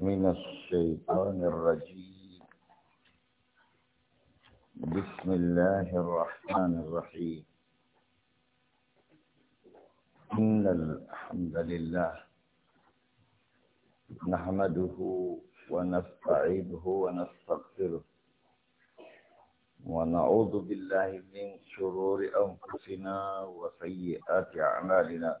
من الشيطان الرجيم بسم الله الرحمن الرحيم إن الحمد لله نحمده ونستعيده ونستغفره ونعوذ بالله من شرور أنفسنا وسيئات أعمالنا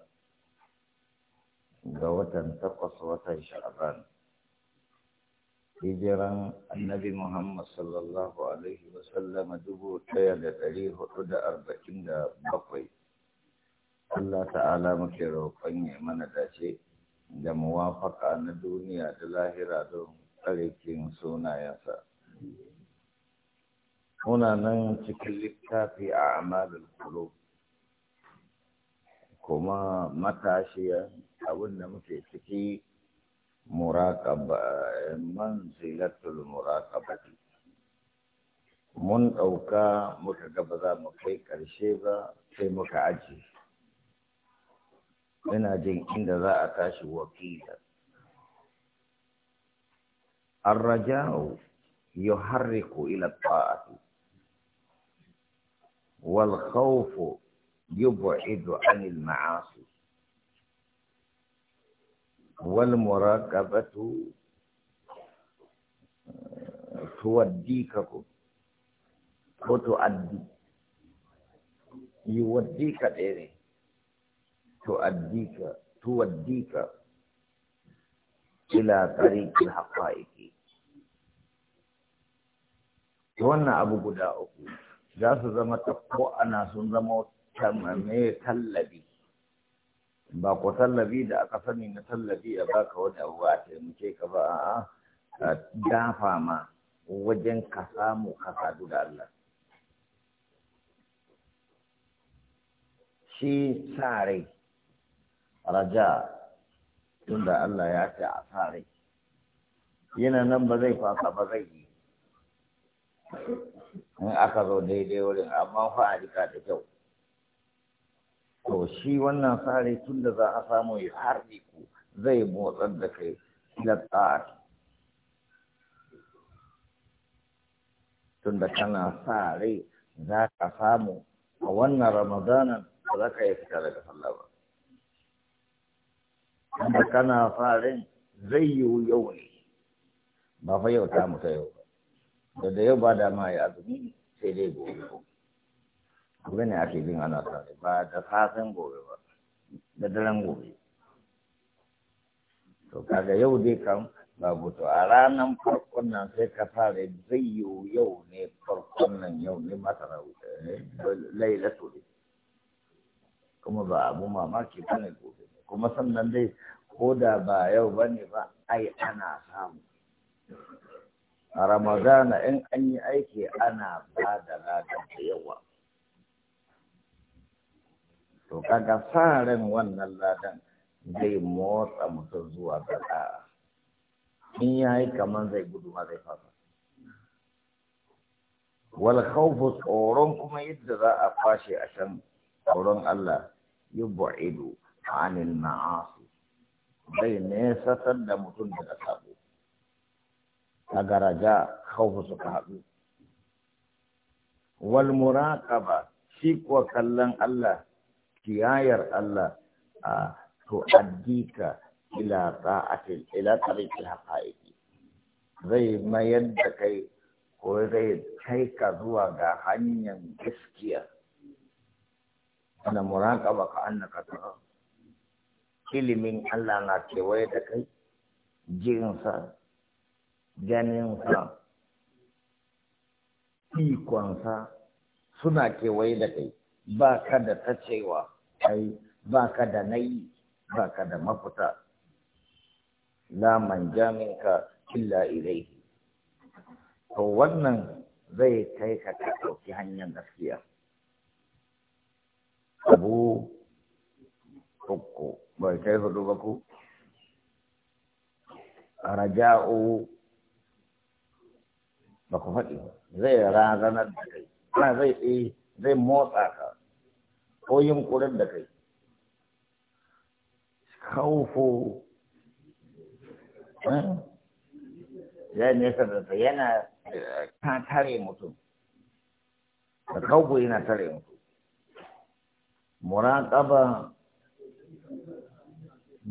ga watan takwas watan sha'ban hijiran annabi muhammad sallallahu alaihi wa sallam dubu ɗaya da ɗari hudu da arba'in da bakwai Allah ta'ala muke roƙon ya mana dace da muwafaka na duniya da lahira don tsarikin sunayensa. Muna nan cikin littafi a amalin kulo, kuma matashiya حاولنا مثل في مراقبة منزلة المراقبة من أوكا مكعبدا مكيك الشيبة في مكعجي من أجل إن ذا أتاش وكيلا الرجاء يحرك إلى الطاعة والخوف يبعد عن المعاصي wal muraqabatu eh, tuwaddika ko ko tuaddi waddi ɗaya ne tuaddika tuwaddika ila tariqil haqaiqi wannan abu guda uku za su zama tafko ana sun zama ta mai tallabi ba ko sallabi da aka sani na tallafi a baka wani abu a taimake ka ba a dafa ma wajen ka samu ka sadu da Allah shi sa rai raja tunda Allah ya ce a sa yana nan ba zai fasa ba zai yi in aka zo daidai wurin amma fa a da kyau to shi wannan fari tun da za a samu ya harbi ku zai motsar da kai ila tsari tun da kana sa za ka samu a wannan ramadanan ba za ka yi fita daga sallah ba da kana farin zai yiwu yau ne ba fa yau ta mutu yau ba da yau ba da ya azumi sai dai gobe gobe ne ake bin ana tare ba da safen gobe ba da daren gobe to kaga yau dai kan babu to a ranar farkon nan sai ka fara zai yau ne farkon nan yau ne masara eh, lailatu ne kuma ba abu mamaki ba ne gobe kuma sannan dai ko da ba yau ba ne ba ai ana samu a ramadana in an yi aiki ana ba da ladan da yawa to kaga sa ran wannan ladan zai motsa mutum zuwa ga da'a in ya yi kamar zai gudu ma zai fasa wal khawfu tsoron kuma yadda za a fashe a can tsoron Allah yub'idu anil ma'asi zai nesatar da mutum daga sabo a garaja khawfu suka haɗu wal muraqaba shi kuwa kallon Allah kiyayar Allah a to addika ila ta'atil ila tariqil haqa'iqi zai mayar da kai ko zai kai ka zuwa ga hanyar gaskiya ana muraqaba ka annaka ta'a ilimin Allah na kewaye da kai jinsa ganinsa ikonsa suna kewaye da kai ba ka da ta cewa ai ba ka da nayi ba ka da mafita la manja minka illa ilaihi to wannan zai kai ka ka ɗauki hanyar gaskiya abu uku bai kai hudu ba ku raja'u ba ku faɗi zai razanar da kai zai zai motsa ka ko yunkurin da kai khawfu zai nesa da ta yana eh, ta tare mutum da khawfu yana tare mutum muraqaba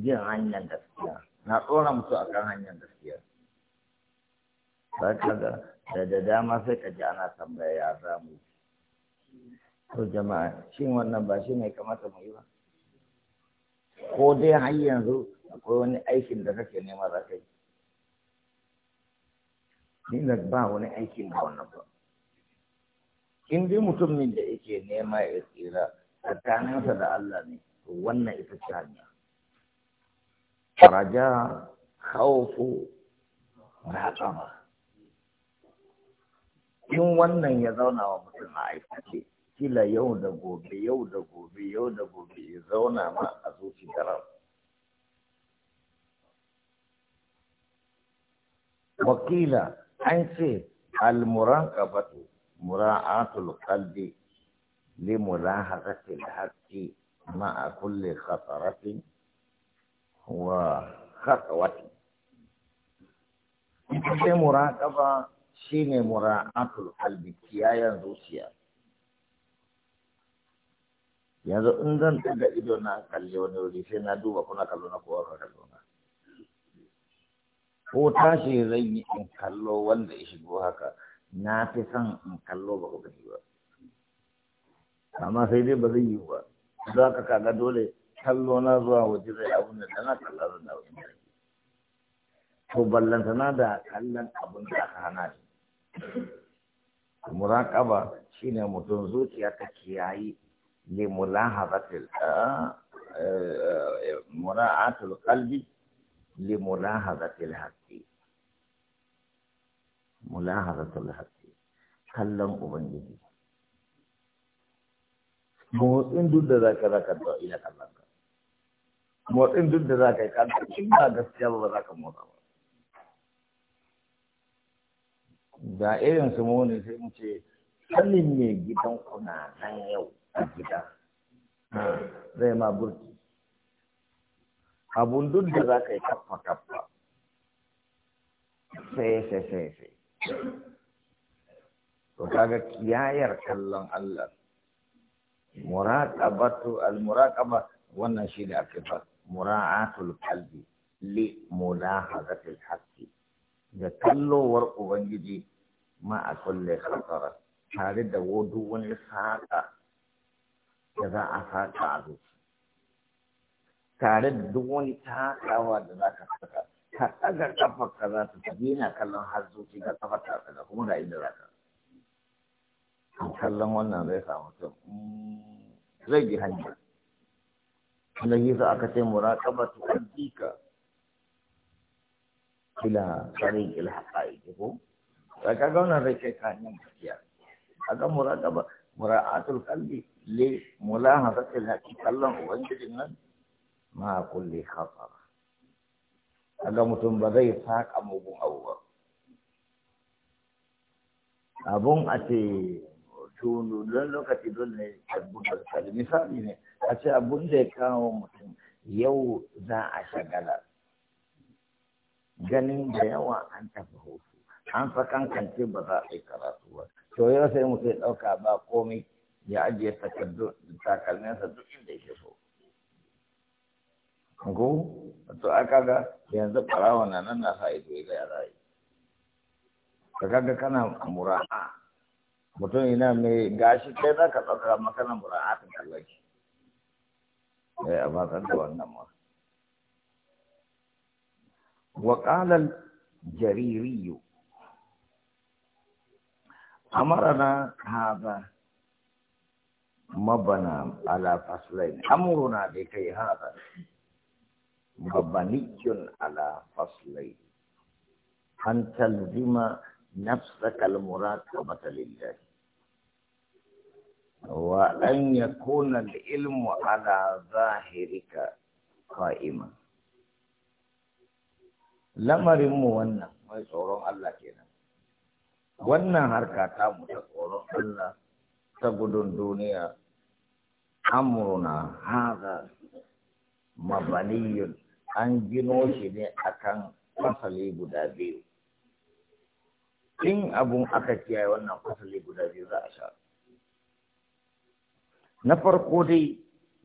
jin hanyar gaskiya na tsora mutu a kan hanyar gaskiya ba ka da da dama sai ka ji ana tambaya ya zamu to jama'a shin wannan ba shi ne kamata mu yi ba ko dai har yanzu akwai wani aikin da kake nema za ka yi ba wani aikin da wannan ba in dai mutumin da yake nema ya tsira tsakaninsa da Allah ne to wannan ita ce hanya raja khawfu raqaba in wannan ya zauna wa mutum a aikace kila yau da gobe yau da gobe yau da gobe ya zauna ma a zuci daram wakila an ce almuran kabatu mura'atul qalbi li mulahazati al-haqqi ma'a kulli khatarati wa khatwati ita ce muraqaba shine mura'atul qalbi kiyayen zuciya yanzu in zan daga ido na kalli wani wuri sai na duba kuna kallo na kowa ka kallo na ko tashi zan yi in kallo wanda ya shigo haka na fi son in kallo ba ku gani ba amma sai dai ba zai yi ba za ka kaga dole kallo na zuwa waje zai abun da na kalla zan da wajen kalli to ballanta da kallon abun da aka hana shi muraƙaba shine mutum zuciya ta kiyaye لملاحظة مراعاة القلب لملاحظة الحق ملاحظة الحق kallon Ubangiji. Motsin duk da za ka za ka da ina kallon ka. Motsin duk da za ka yi kallon in ba gaskiya ba za ka motsa ba. Da irin su ne sai mu ce, kallin ne gidan kuna nan yau. a gida zai ma burki abun duk da za ka yi kaffa kaffa sai sai sai sai to kaga kiyayar kallon Allah muraqabatu al-muraqaba wannan shi da ake fa mura'atul qalbi li mulahazatil haqqi da kallowar ubangiji ma a kulle khatara tare da wudu wani sa'a da za a saka a tare da duk wani takawa da za ka saka ka ɗaga kafar ka za ta tafi yana kallon har zuci ka ƙafar ta saka. kuma ga inda za ka kallon wannan zai samu mutum zai bi hanyar na yasa aka ce tsarin rabbika ila tariqil haqa'iq ko ga wannan rake kanin mura kaga mura mura'atul qalbi ke mulahazatil haqqi kallon ubangijin nan ma kulli khatar kaga mutum ba zai saka mugun abu ba abun a ce don lokaci dole ne tabbutar kali misali ne a ce abun da ya kawo mutum yau za a shagala ganin da yawa an tafi hoto an fa kankance ba za a yi karatu ba to yau sai mutum ya ɗauka ba komai ya ajiye takardu takalminsa duk inda yake so ko to aka ga yanzu farawa na nan na sa'i ido ga yara yi ka kaga kana mura'a mutum ina mai gashi kai za ka ɗauka makana mura'a ta kallaki sai eh, a fatsar da wannan ma وقال Amara na هذا مبنى على فصلين أمرنا بكي هذا مبني على فصلين أن تلزم نفسك المراقبة لله وأن يكون العلم على ظاهرك قائما لما رموا وانا ما يصورون الله كنا وانا هركاتا متقورون الله تقولون دنيا amruna haza mabaniyun an gino shi ne akan fasali guda biyu in abun aka kiyaye wannan fasali guda biyu za a sha na farko dai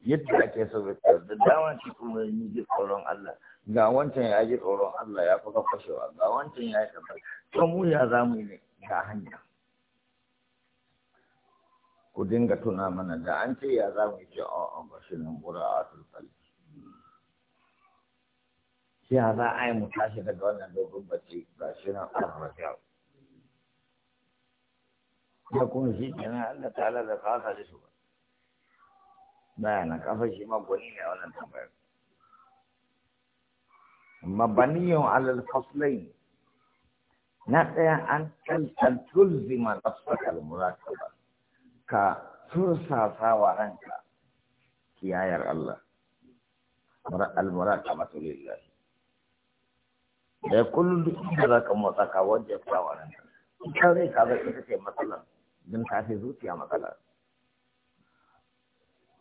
yadda ake so da dama shi kuma yi ji tsoron Allah ga wancan ya ji tsoron Allah ya kuka fashewa ga wancan ya yi kamar mu ya za ne ga hanya ku dinga tuna mana da an ce ya za mu ce a ba shi nan bura a tulkali shi ya za a yi mu tashi daga wannan dogon bacci ga shi nan an rafiya ya kuma shi ke nan Allah ta'ala da kasa da shi ba bayanan kafa shi ma gwani ne wannan tambayar مبني على الفصلين نحن أن تلزم نفسك المراقبة ka tursasa wa ranka kiyayar Allah al-murad amatulillah da kullum duk inda zaka motsa ka wajen ya wa ranka ka zai ka zai kace ce din don ta fi zuciya matsala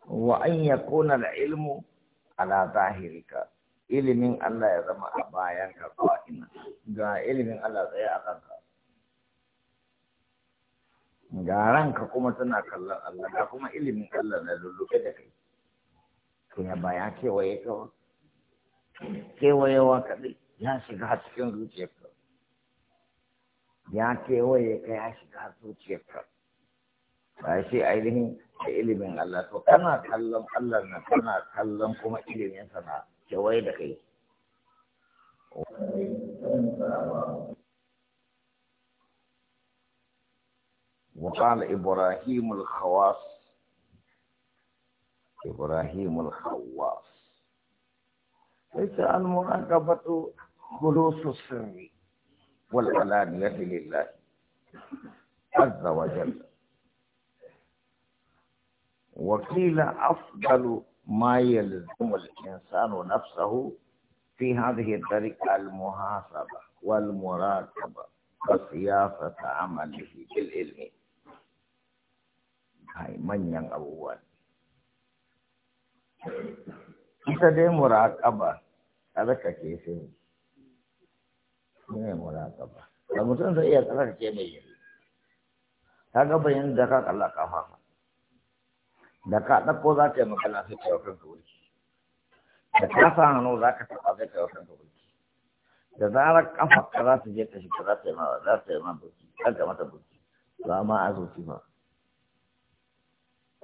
wa an yakuna al-ilmu ala zahirika ilimin Allah ya zama a bayan ka ko ina ga ilimin Allah tsaye a kanka ga ranka kuma tana kallon Allah ga kuma ilimin Allah na lulluɓe da kai to ya baya kewaye ka kewayewa kaɗai ya shiga har cikin zuciyarka ya kewaye ka ya shiga har zuciyarka ba shi ainihin da ilimin Allah to kana kallon Allah na kana kallon kuma ilimin sana kewaye da kai وقال إبراهيم الخواص إبراهيم الخواص ليس المراقبة خلوص السر والعلانية لله عز وجل وقيل أفضل ما يلزم الإنسان نفسه في هذه الطريقة المحاسبة والمراقبة وسياسة عمله بالعلم kai manyan abubuwa ita dai muraƙaba tsarkake shi ne shi ne muraƙaba da mutum zai iya tsarkake mai yi ta gaba yin da ka kalla kafa da ka ɗauko za ta yi magana sai ta yau kanka wuri da ka sa hannu za ka taɓa zai ta yau kanka wuri da zarar kafa ka za ta je ka shiga za ta yi ma za yi ma buki za ta mata buki ba ma a zuci ba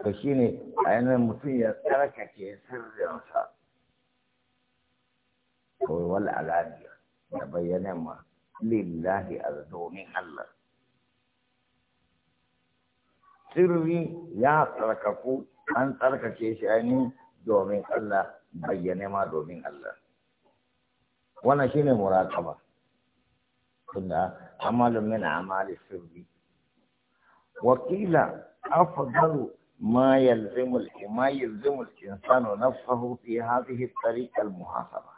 to shi ne ainihin mutum ya tsarkake sirrinsa to wal alaniya da bayyana ma lillahi a domin Allah sirri ya tsarkaku an tsarkake shi ainihin domin Allah bayyane ma domin Allah wannan shine muraqaba tunda amalun min amali sirri wa qila afdalu ما يلزم ما يلزم الانسان نفسه في هذه الطريقه المحاسبه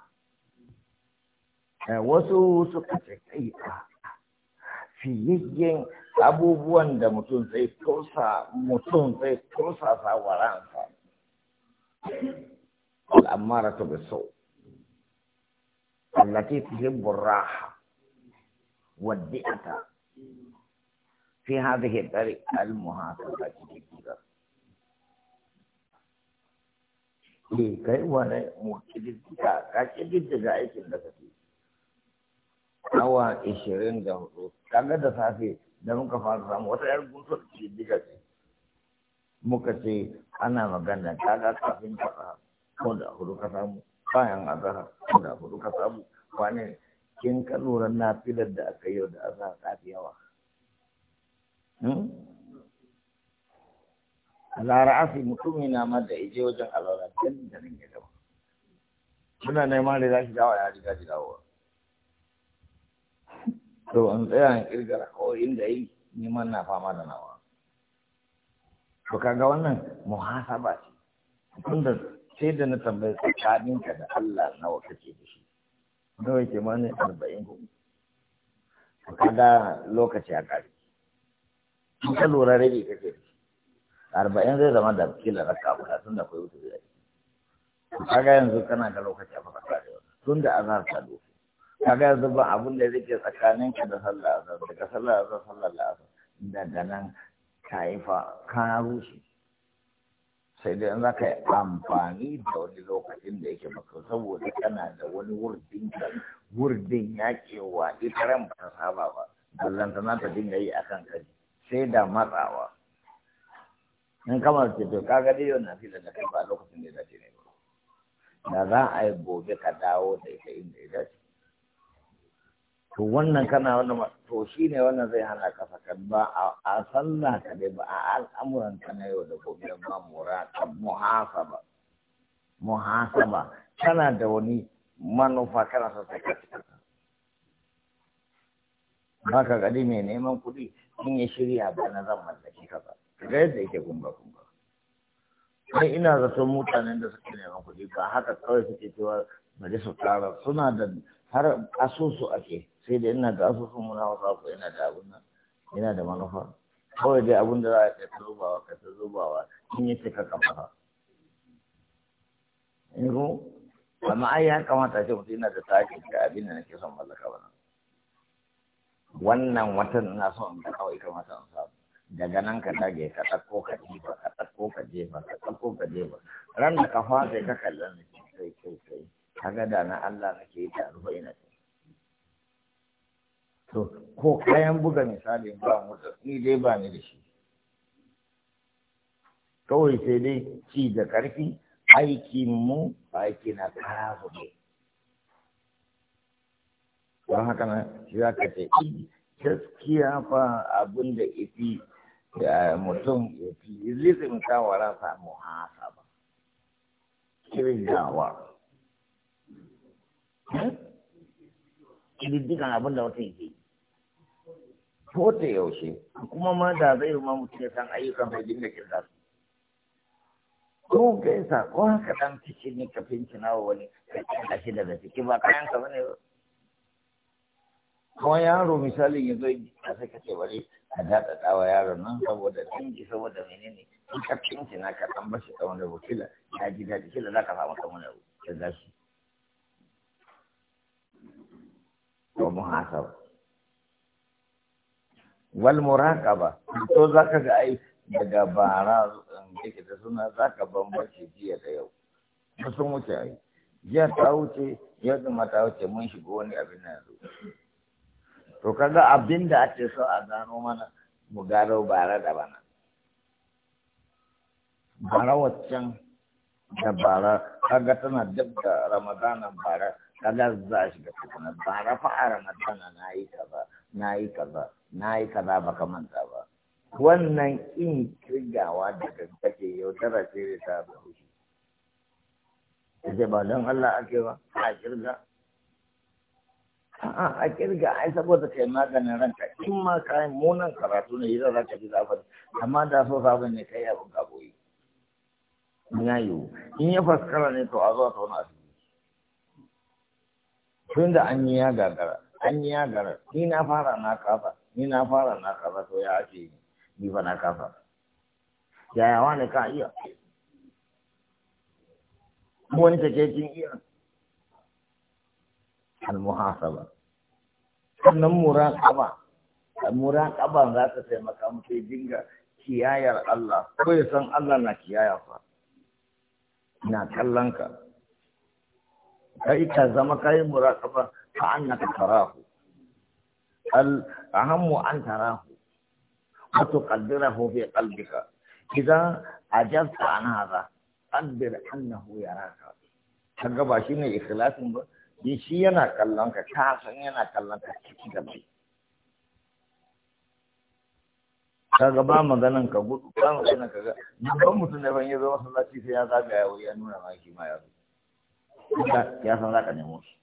وسوس تقيقه في يجين ابو بوان متون زي توسا متون زي توسا ساوران الأمارة بالسوء التي تحب الراحة والدئة في هذه الطريقة المحاسبة eh kai wane mu kididdiga ka kididdiga aikin da kake awa ishirin da hudu kaga da safe da muka fara samu wata yar guntar kididdiga ce muka ce ana magana kaga kafin fara ko da hudu ka samu bayan azara ko da hudu ka samu wane kin ka lura na filar da aka yi da azara kafi yawa hmm? afi mutumi na ma da ije wajen alwala can da nan ya dawo muna neman da za shi dawa ya riga shi dawo to an tsaya an kirgara ko inda yi neman na fama da nawa to kaga wannan muhasaba ce tunda sai da na tambaye ka da Allah nawa kake da shi nawa ke ma ne arba'in ko kaga lokaci a ƙari ka lura rage kake da shi arba'in zai zama da kila raka guda tun da akwai wuta da yake kaga yanzu kana ga lokaci a fasaka da tun da azhar ta doke kaga yanzu ba abun da zai ke tsakanin ka da sallah azhar daga sallah azhar sallah azhar daga nan ka yi fa ka rushe sai dai za ka yi amfani da wani lokacin da yake maka saboda kana da wani wurdin ka wurdin ya ke ita ran ba ta saba ba ballantana ta dinga yi akan kaji sai da matsawa in kamar ce to kaga dai yau na fila da kai ba lokacin da ya dace ne ba da za a yi gobe ka dawo da ita inda ya dace to wannan kana wannan to shi wannan zai hana ka sakar ba a sallah ka dai ba a al'amuran ka na yau da gobe ba muraka muhasaba muhasaba kana da wani manufa kana sa ba ka gadi mai neman kuɗi in ya shirya ba na zan mallaki ka ba ga yadda yake kumba kumba sai ina zaton mutanen da suke neman kuɗi ba haka kawai suke cewa bari su tsara suna da har asusu ake sai da ina da asusu muna wasa ko ina da abun nan ina da manufa kawai dai abun da za a kai ta zubawa kai ta zubawa in yi cika kamata in ko amma ai ya kamata ce mutum ina da taki da abin da nake son mallaka ba wannan watan ina son da kawai kamata in samu daga nan ka dage ka ɗauko ka jefa ka ɗauko ka jefa ka ɗauko ka jefa ran da ka fasa ka kalla na ce kai kai kai kaga da na Allah nake yi ta ruwa ina ce to ko kayan buga misali ba mu ni dai ba ni da shi kawai sai dai ci da karfi aikin mu aiki na kara ne don haka na shi za ka ce gaskiya fa abin da ifi da mutum ya fi lizin ba muhasaba kirgawa diddikan abin da wata yake ko ta yaushe kuma ma da zai ma mutum ya san ayyukan bai dinga kirga su ko sa ko haka ɗan ciki ne ka fincina wa wani ka shi da ciki ba kayan ka ne ba kuma yaro misalin ya zo a sai kace bari a daɗa tsawa yaron nan saboda dangi saboda menene in ka tinki na ka ɗan bashi tsawon da kila ya ji daɗi kila za ka samu kamar wani da za shi. Wa muhasaba. Wal muraqaba to za ka ga ai daga bara yake da suna za ka bambance jiya da yau. Ba sun wuce ai. Jiya ta wuce, yau da ta wuce mun shiga wani abin na yanzu. to kaga abin da ake so a gano mana mu gano bara da bana bara waccan da bara kaga tana duk da ramadanan bara kaga za shi da kuma bara fa a ramadana na yi kaza na yi kaza na yi kaza baka manta ba wannan in kirgawa da yau tara ce da ta ba zai ba don Allah ake ba a kirga a'a a kirga ai saboda kai maganin ranka in ma kai munan karatu ne idan zaka ka zafin amma da so zafin ne kai abin gaboyi ina. ya yiwu in ya faskara ne to a zuwa ta wani asibiti tun da an yi ya gagara an yi ya gagara ni na fara na kafa ni na fara na kafa to ya ake yi ni fa na kafa yaya wani ka iya wani take kin iya المحاسبة أنا مراقبة مراقبة لا تسير مكام في دينك كيايا الله كويس أن الله نكيايا فا نتكلمك أي كذا كاي مراقبة فأنك تراه الأهم أن تراه وتقدره في قلبك إذا أجبت عن هذا قدر أنه يراك هكذا شيء إخلاص in shi yana kallon ka ka san yana kallon ka ciki da mai ga ba maganan ka gudu ba maganan ka ga babban mutum da ban ya zama sallaci sai ya zaga ya ya nuna ma shi ma ya zo ya san za ka nemo shi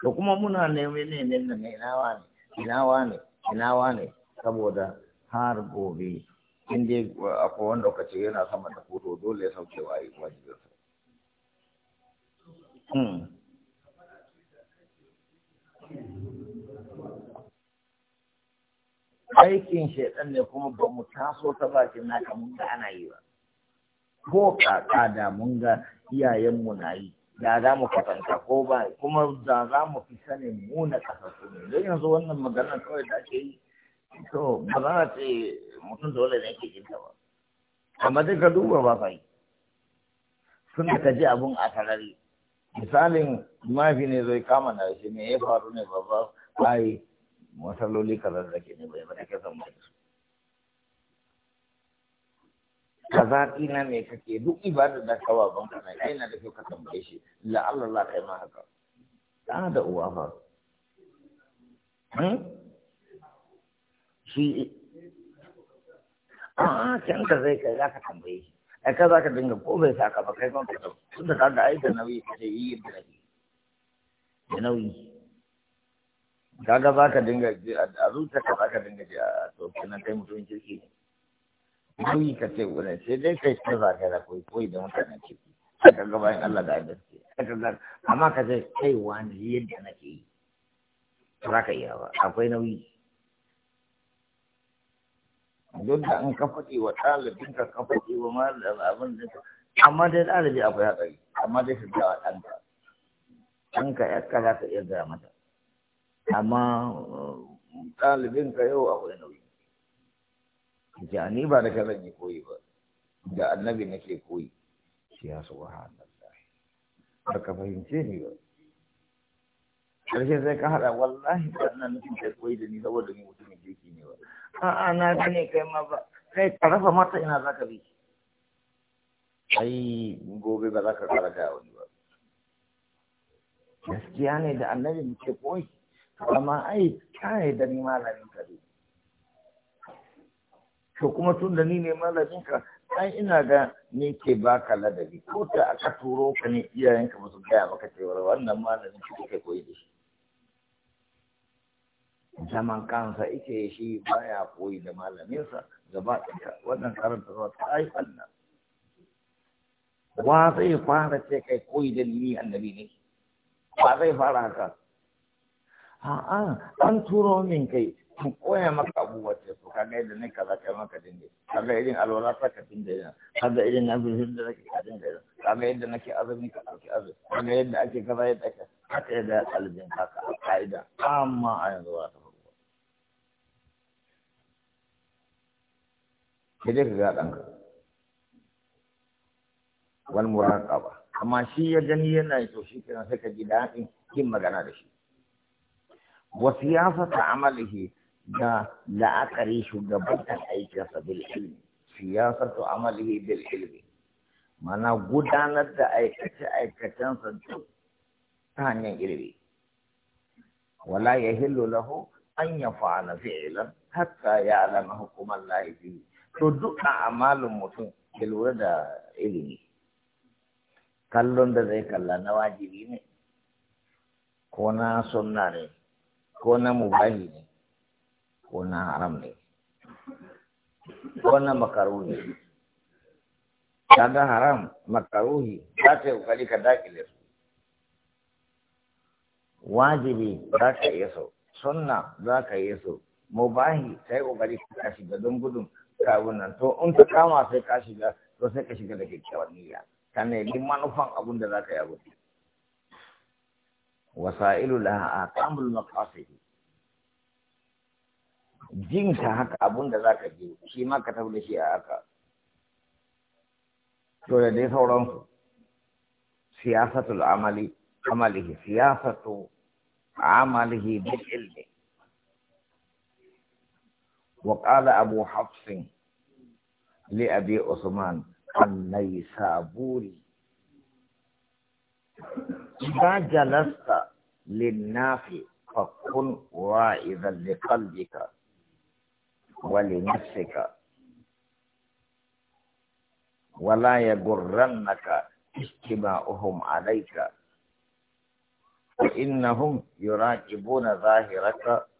to kuma muna neme ne ne ne ina wane ina wane ina wane saboda har gobe in dai akwai wanda ka ce yana sama da hoto dole ya sauke wa yi wajibinsa. Hmm. aikin shaidan ne kuma ba mu taso ta bakin naka mun ga ana yi ba ko kaka da mun ga iyayenmu na yi da za mu kwatanta ko ba kuma da za mu fi sani mu na kasasu ne don yanzu wannan maganar kawai da ake yi to ba za ce mutum dole ne ke jinta ba amma dai ka duba ba fa yi sun da ka ji abun a tarari misalin mafi ne zai kama na shi me ya faru ne babba? ba yi. matsaloli kaza da ke nema yana bane ka da mai su kaza ina me kake duk ibada da kawa ban ka mai aina da kyau ka tambaye shi la Allah la kai ma haka da da uwa ba hmm? shi a can ka zai kai ka tambaye shi ai ka ka dinga ko bai saka ba kai ban ka tunda ka ga aida da nauyi ka yi da nauyi da nauyi kaga za ka dinga je a ka za ka dinga je a tsoki na kai mutum kirki ne nauyi ka ce wurin sai dai kai ta za ka da koyi koyi da mutanen kirki a ka bayan Allah da adalci a amma ka ce kai wani yadda ke yi to za ka iya ba akwai nauyi duk da an ka faɗi wa ɗalibin ka ka faɗi wa malamin abin da amma dai ɗalibi akwai haɗari. amma dai su ga ɗanka ɗanka ya ka za ka iya gaya mata amma eh, ɗalibin ka yau akwai nauyi ja ni ba da kazan yi koyi ba da annabi nake koyi shi ya su wa ba ka fahimce ni ba ƙarshe sai ka haɗa wallahi ba na nufin kai koyi da ni saboda ni mutumin jiki ne ba a'a na gane kai ma ba kai ka rafa mata ina za ka bi ai gobe ba za ka kara gaya wani ba gaskiya ne da annabi nake koyi amma ai kai yadda ni malamin ka ne to kuma tun da ni ne malamin ka ai ina ga ni ke baka ladabi ko ta aka turo ka ne iyayenka ba su gaya maka cewa wannan malamin ka kake koyi da shi zaman kansa ike shi baya koyi da malaminsa gaba ɗaya wannan karanta zuwa ta ai wannan wa zai fara ce kai koyi da ni annabi ne ba zai fara haka a'a an turo min kai mu koya maka abubuwa ce to kaga yadda ne kaza kai maka dinga kaga irin alwala ta ka dinga yana kaga irin na bi da nake ka dinga yana kaga yadda nake azumi ka dauki azumi kaga yadda ake kaza yadda ake haka yadda ɗalibin haka a ka'ida amma a yanzu ba ta faruwa sai dai ka ga ɗanka wal muraqaba amma shi ya gani yana to shi kenan sai ka ji daɗin yin magana da shi wa siyasata amalihi da la'akari shugabantar aikinsa bil ilmi siyasatu amalihi bil ilmi mana gudanar da aikace-aikacensa duk ta hanyar ilmi wala ya hillo lahu an ya fa'ala fi'ilan hatta ya alama hukumar lahifi to duk a amalin mutum ya lura da ilimi kallon da zai kalla na wajibi ne ko na sunna ne ko na mubahi ne ko na haram ne ko na makaruhi kaga haram makaruhi za ta yi kokari ka dakile su wajibi za ka yi so sunna za ka yi so mubahi sai kokari ka shiga don gudun kawun nan to in ta kama sai ka shiga to sai ka shiga da kyakkyawar niyya ka nemi manufan abun da za ka yi abun wasailu laha aqamul maqasid jin ta haka abun da zaka je shi ma ka tabbata shi a haka to da dai sauran siyasatul amali amalihi siyasatu amalihi bil ilmi وقال أبو حفص لأبي عثمان النيسابوري jalasta linnafi fakkun wa izallikallika wali nafsika wala ya gurrannaka ihtima'uhum alayka fa innahum yuraqibuna zahiraka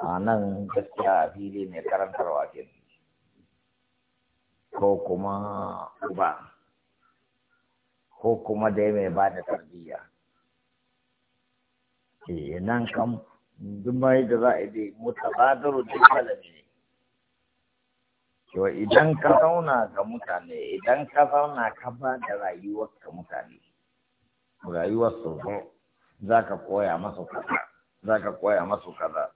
a nan gaskiya a fili mai karantarwa ke ko kuma ba ko kuma da mai ba da tarbiyya ke eh, nan kam dumai da za a yi mutabadaru duk malami ne to idan ka zauna ga mutane idan ka zauna ka ba da rayuwar ka mutane rayuwar su zo za ka koya masu kaza za ka koya masu kaza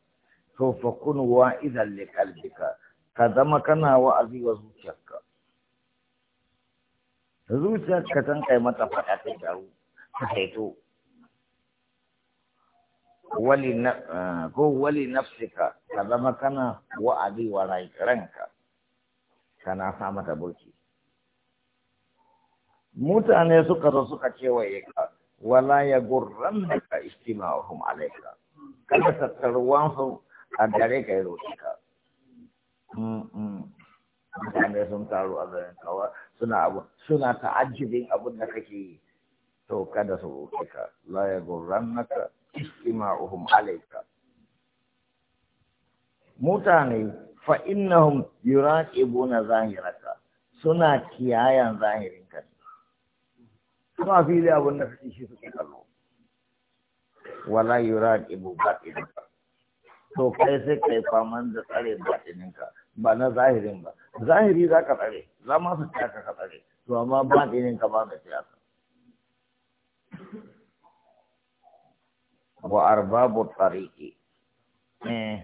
to fa kun wa idan li kalbika ka zama kana wa'azi wa zuciyar ka san kai mata faɗa ta gyaru ta haito eh, ko wali nafsika ka zama kana wa'azi wa ranka kana sa mata burki mutane suka zo suka kewaye ka wala ya gurran da ka kuma alaika kada tattaruwansu a gare ka yi roƙi ka mm, mm. mutane sun taru a zanen kawa suna abu suna ta'ajjibin abin da kake yi to kada su roƙe ka la ya gurrannaka istima'uhum alayka mutane fa innahum yuraqibuna zahiraka suna kiyayan zahirin ka suna fili abin da kake shi suke kallo wala yuraqibu batinka to kai sai kai faman da tsare batininka ba na zahirin ba zahiri za ka tsare za ma su ka tsare to amma ba ɗinin ka ba mai siyasa wa arbabu tariki eh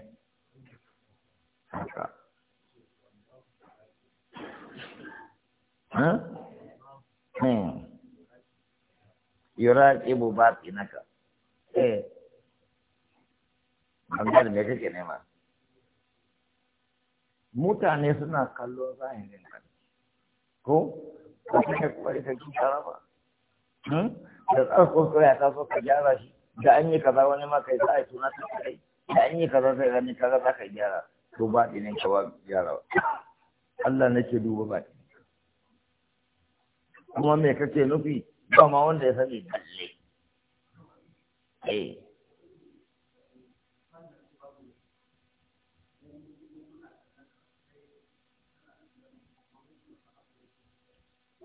Yura ha hmm yuraqibu batinaka eh an da me kake nema mutane suna kallon zahirin kan ko ka kake kwari ka gyara ba hmm? da tsarkon soya ya so ka gyara shi da an yi kaza wani ma kai sa a yi suna ta kai da an yi kaza sai gani kaza za ka gyara to ba ɗinin ka ba gyara ba Allah nake duba ba kuma me kake nufi ba ma wanda ya sani balle eh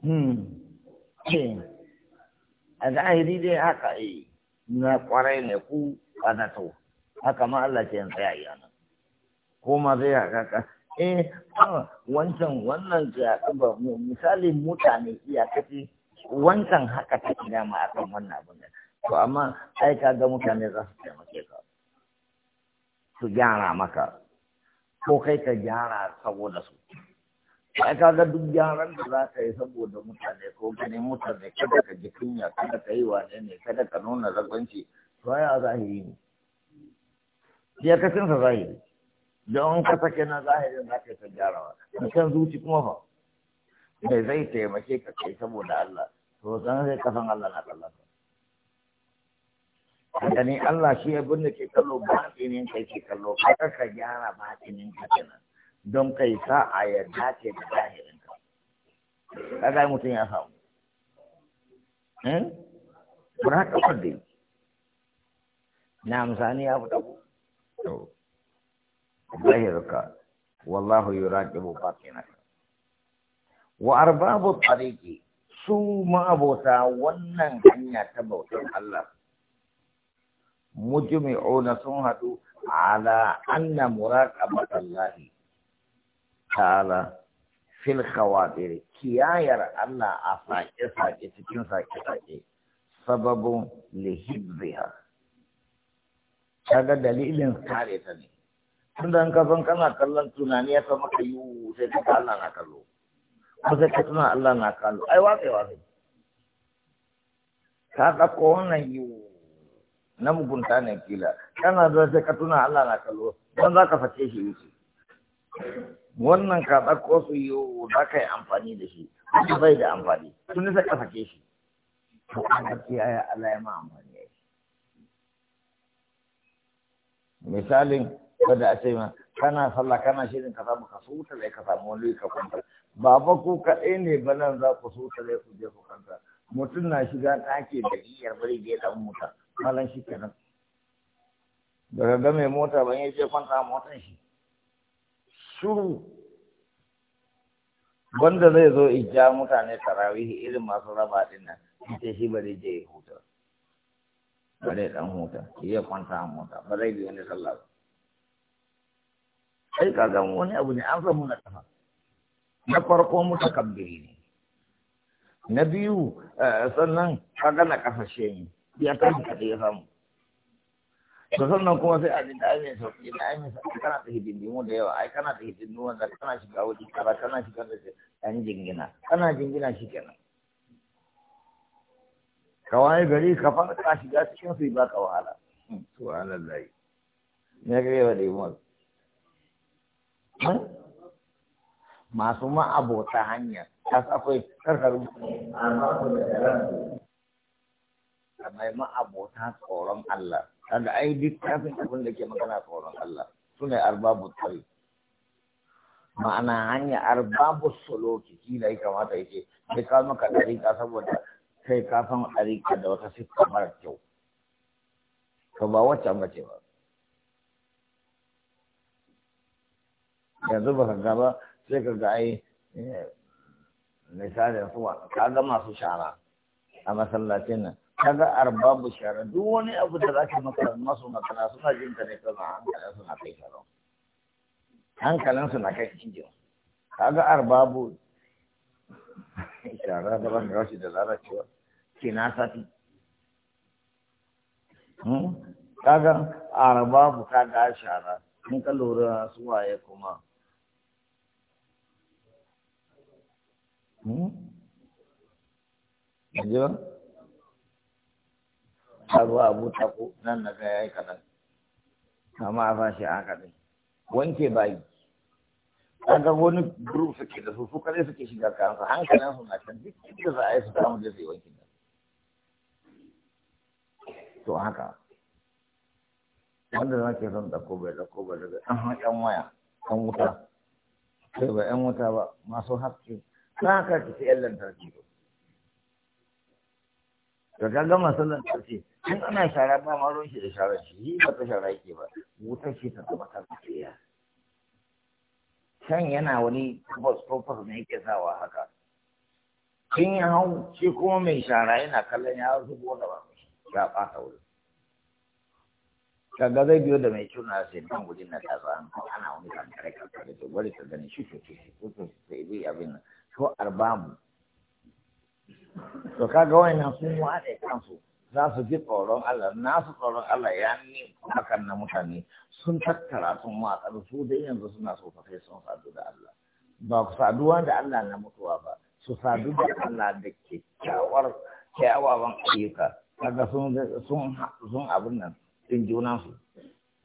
Hmm. a zahiri dai haka yi eh, na kwarai ne ku kanato haka ma Allah ce tsaya iya nan ko ma zai haka ka eh wancan wannan ba misali mutane iya kace wancan haka ta gida ma kan wannan abin da to amma ai ka ga mutane za su taimake ka su gyara maka ko kai ka gyara saboda su ya kaga duk gyaran da za ka yi saboda mutane ko ganin mutane kada ka ji kunya kada ka yi wane ne kada ka nuna zagwanci to ya zahiri ne ya kasansa zahiri don ka sake na zahirin za ka yi ta gyarawa kan zuci kuma fa mai zai taimake ka kai saboda Allah to zan sai kasan Allah na kallon ka gani Allah shi ya binne ke kallo ne kai ke kallo kada ka gyara ne ka kenan don kai sa'a ya dace da zahirin ka kaga mutum ya samu eh kuna ka kwadde na amsani ya fita ku to zahirka wallahu na ka. wa arbabu tariqi su ma'abota wannan hanya ta bautar Allah mujmi'una sun haɗu ala anna muraqabatallahi ta'ala fil khawatir kiyayar Allah a sake-sake cikin sake-sake sababin lihibziha kaga dalilin kare ta ne tun da ka san kana kallon tunani ya san maka yi sai ka Allah na kallo ko sai ka tuna Allah na kallo ai wace wace ka ko wannan yi na mugunta ne kila kana zuwa sai ka tuna Allah na kallo dan za ka face shi wannan ka ɗauko su yi za ka yi amfani da shi ka bai da amfani tun sai ka sake shi to an gaske ya Allah ya ma amfani ya shi misalin kada a ce ma kana sallah kana shirin ka samu ka suta zai ka samu wani ka kwanta ba ko ku kaɗai ne ba nan za ku suta zai ku je ku kwanta mutum na shiga ɗaki da iyar bari da ya ɗan mota malan shi kenan daga ga mai mota ban yi je kwanta motan shi shuru wanda zai zo ija mutane tarawihi irin masu raba din nan ita shi ba zai je ya huta ba zai dan huta ya kwanta a mota ba zai bi wani sallah sai ka ga wani abu ne an samu na kafa na farko mutakabbiri ne na biyu eh, sannan ka gana kafashe ne ya kan kaɗai ya samu to sannan kuma sai a ji da ainihin sauki da ainihin sauki kana ta hidindimu da yawa ai kana ta hidindimu wanda kana shiga wuce kara kana shiga da ɗan jingina kana jingina shi kenan ka waye gari ka fara ka shiga cikin su ba ka wahala to hmm, subhanallah ne ga yawa da yumar masu ma abota hanya ta akwai karkar amma ma abota tsoron Allah kada ai littafin abin da ke magana tsoron Allah su ne arbabu tsari ma'ana hanya arbabu soloki kila ya kamata yake ce sai ka maka ɗariƙa saboda kai ka san ɗariƙa da wata siffa mara kyau to ba wacce an ce ba yanzu ba ka gaba sai ka ga ai eh, misalin suwa ka ga masu shara a masallacin nan kaga arbabu shara duk wani abu da zaka maka masu matsala suna jin ka ne kaza hankalin suna kai kaza hankalin suna kai cikin kaga arbabu shara da ban rashi da lalacewa kinasati hmm? kaga arbabu kaga shara in ka lura su waye kuma hmm? Yanzu ba? abu abu taku nan na ga yayi kadan amma a fashi haka ne. wanke bayi ga wani group suke da su su kare suke shiga kansu hankalin su na can duk da za a yi su samu da zai wanke to haka wanda za ke son dako bai dako bai daga an haƙan waya kan wuta sai ba ƴan wuta ba masu haske Na haka ki sai ƴan lantarki ba to gama masu lantarki in ana shara ba ma ruwan shi da shara shi yi ba ta shara yake ba wutar shi ta zama ta tafiya can yana wani tabbas tabbas ne yake sawa haka kin yi hau shi kuma mai shara yana kallon ya zubo da ba ya ɓata wuri kaga zai biyo da mai cuna sai dan gudun na tsatsa an ana wani kankare kankare to bari ta gani shi ke shi ko to sai bi abin nan to arbamu to kaga wayannan sun wade kansu za su ji tsoron Allah su tsoron Allah ya ne hakan na mutane sun tattara sun watsar su dai yanzu suna so sai sun sadu da Allah ba ku saduwa da Allah na mutuwa ba su sadu da Allah da kyakkyawar kyawawan ayyuka kaga sun sun sun abin nan sun junan su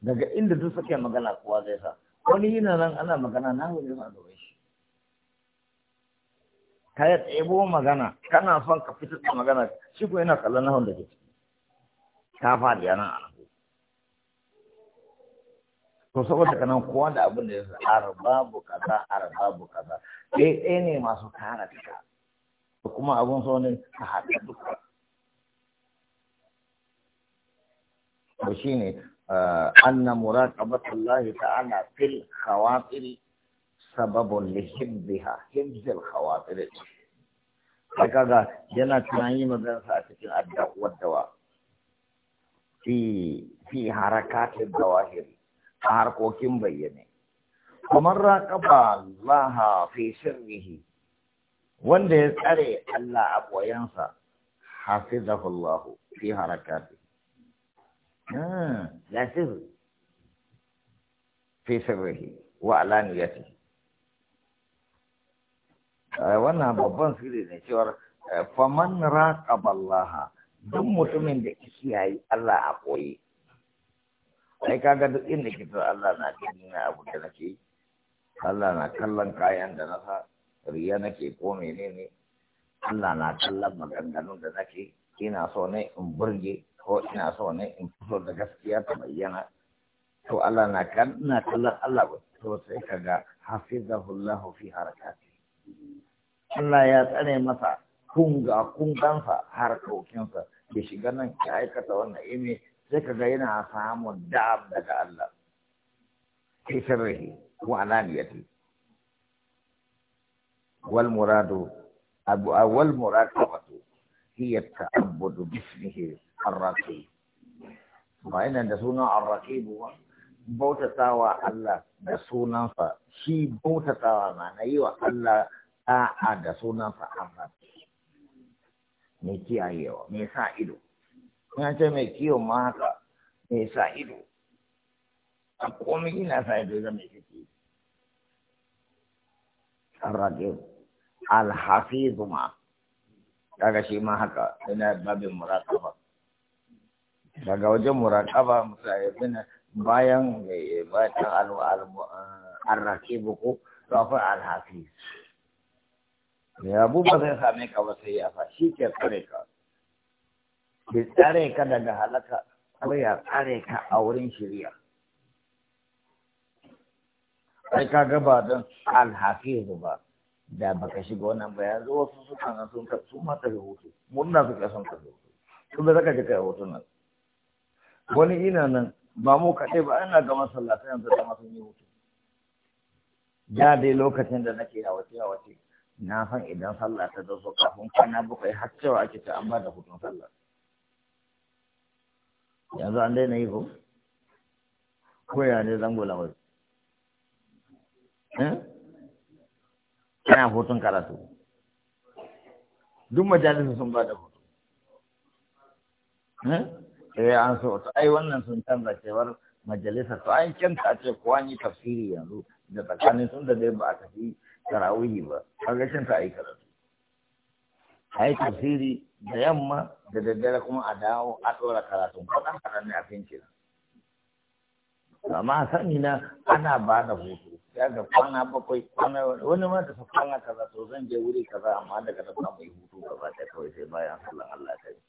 daga inda duk suke magana kowa zai sa wani yana nan ana magana na wani sa da shi ka yi tsebo magana kana son ka fitar da magana shi ko yana kallon nahon da ke ta faɗi a nan to saboda kanan kowa da abin da ya arbabu kaza arbabu kaza ɗaya ɗaya ne masu tara To kuma abin so ne ka duk duka shi ne? Ah, anna muraqabatullahi ta'ala fil khawatir sababun li hibbiha hibzil khawatir kaga yana tunanin maganarsa a cikin addu'a wadda fi fi harakatin zawahiri a harkokin bayyane kamar raƙaba Allah fi sirrihi wanda ya tsare Allah a hafizahu Allah fi harakati la hmm, sirri fi sirrihi wa alaniyati eh, wannan babban sirri ne cewar eh, faman raƙaba laha duk mutumin da kiyaye Allah a koyi sai kaga duk inda kito Allah na gani na abu da nake Allah na kallon kayan da nasa riya nake ko ne, Allah na kallon maganganun da nake ina so ne in burge ko ina so ne in fito da gaskiya ta bayyana to Allah na kan na kallon Allah to sai kaga hafizahullahu fi harakati Allah ya tsare masa kunga kungansa harkokinsa ya shiga nan ya aikata wannan ime eh sai ka ga yana samun dam daga Allah Ke sirrihi ko alaniyati wal muradu abu awal muraqabatu hiya ta'abbudu bismihi ar-raqib ba ina da sunan ar-raqib ba bautatawa Allah da sunansa shi bautatawa ma na yi wa Allah Aa da sunansa Allah mai kiyayewa mai sa ido ina ce mai kiwon ma haka mai sa ido a komai ina sa ido ga mai kake arrajo alhafizu ma kaga shi ma haka ina babin muraqaba daga wajen muraqaba musayibina bayan bayan al-arraqibu ko rafa al-hafiz ya abu ba zai same ka ba sai ya fa shi ke tsare ka Ki tsare ka daga halaka ko ya tsare ka a wurin shirya ai ka ga ba don alhafizu ba da baka shiga wannan ba yanzu wasu suka nan sun ka su ma tafi hutu murna suka sun ka hutu sun da zaka kai nan wani ina nan ba mu kaɗai ba ana ga masallatai yanzu da masu yi hutu Ya dai lokacin da nake yawace wace. na san idan sallah ta zo kafin kwana bakwai har cewa ake ta an bada da hutun sallah yanzu an daina yi ko ko ya ne zango lawai ina eh? hutun karatu duk majalisa sun ba da hutu eh, eh an so to ai wannan sun canza cewar majalisa to ai kyanta ce kwani tafsiri yanzu da tsakanin sun da dai ba a tafi tarawihi ba ga shin ta ayi karatu yi tafsiri da yamma da daddare kuma a dawo a ɗora karatun kwaɗan kaɗan ne a fincin amma sani na ana ba da hutu ya ga kwana bakwai kwana wani ma da kwana kaza to zan je wuri kaza amma daga da mai hutu ba ta kawai sai bayan sallan Allah ta yi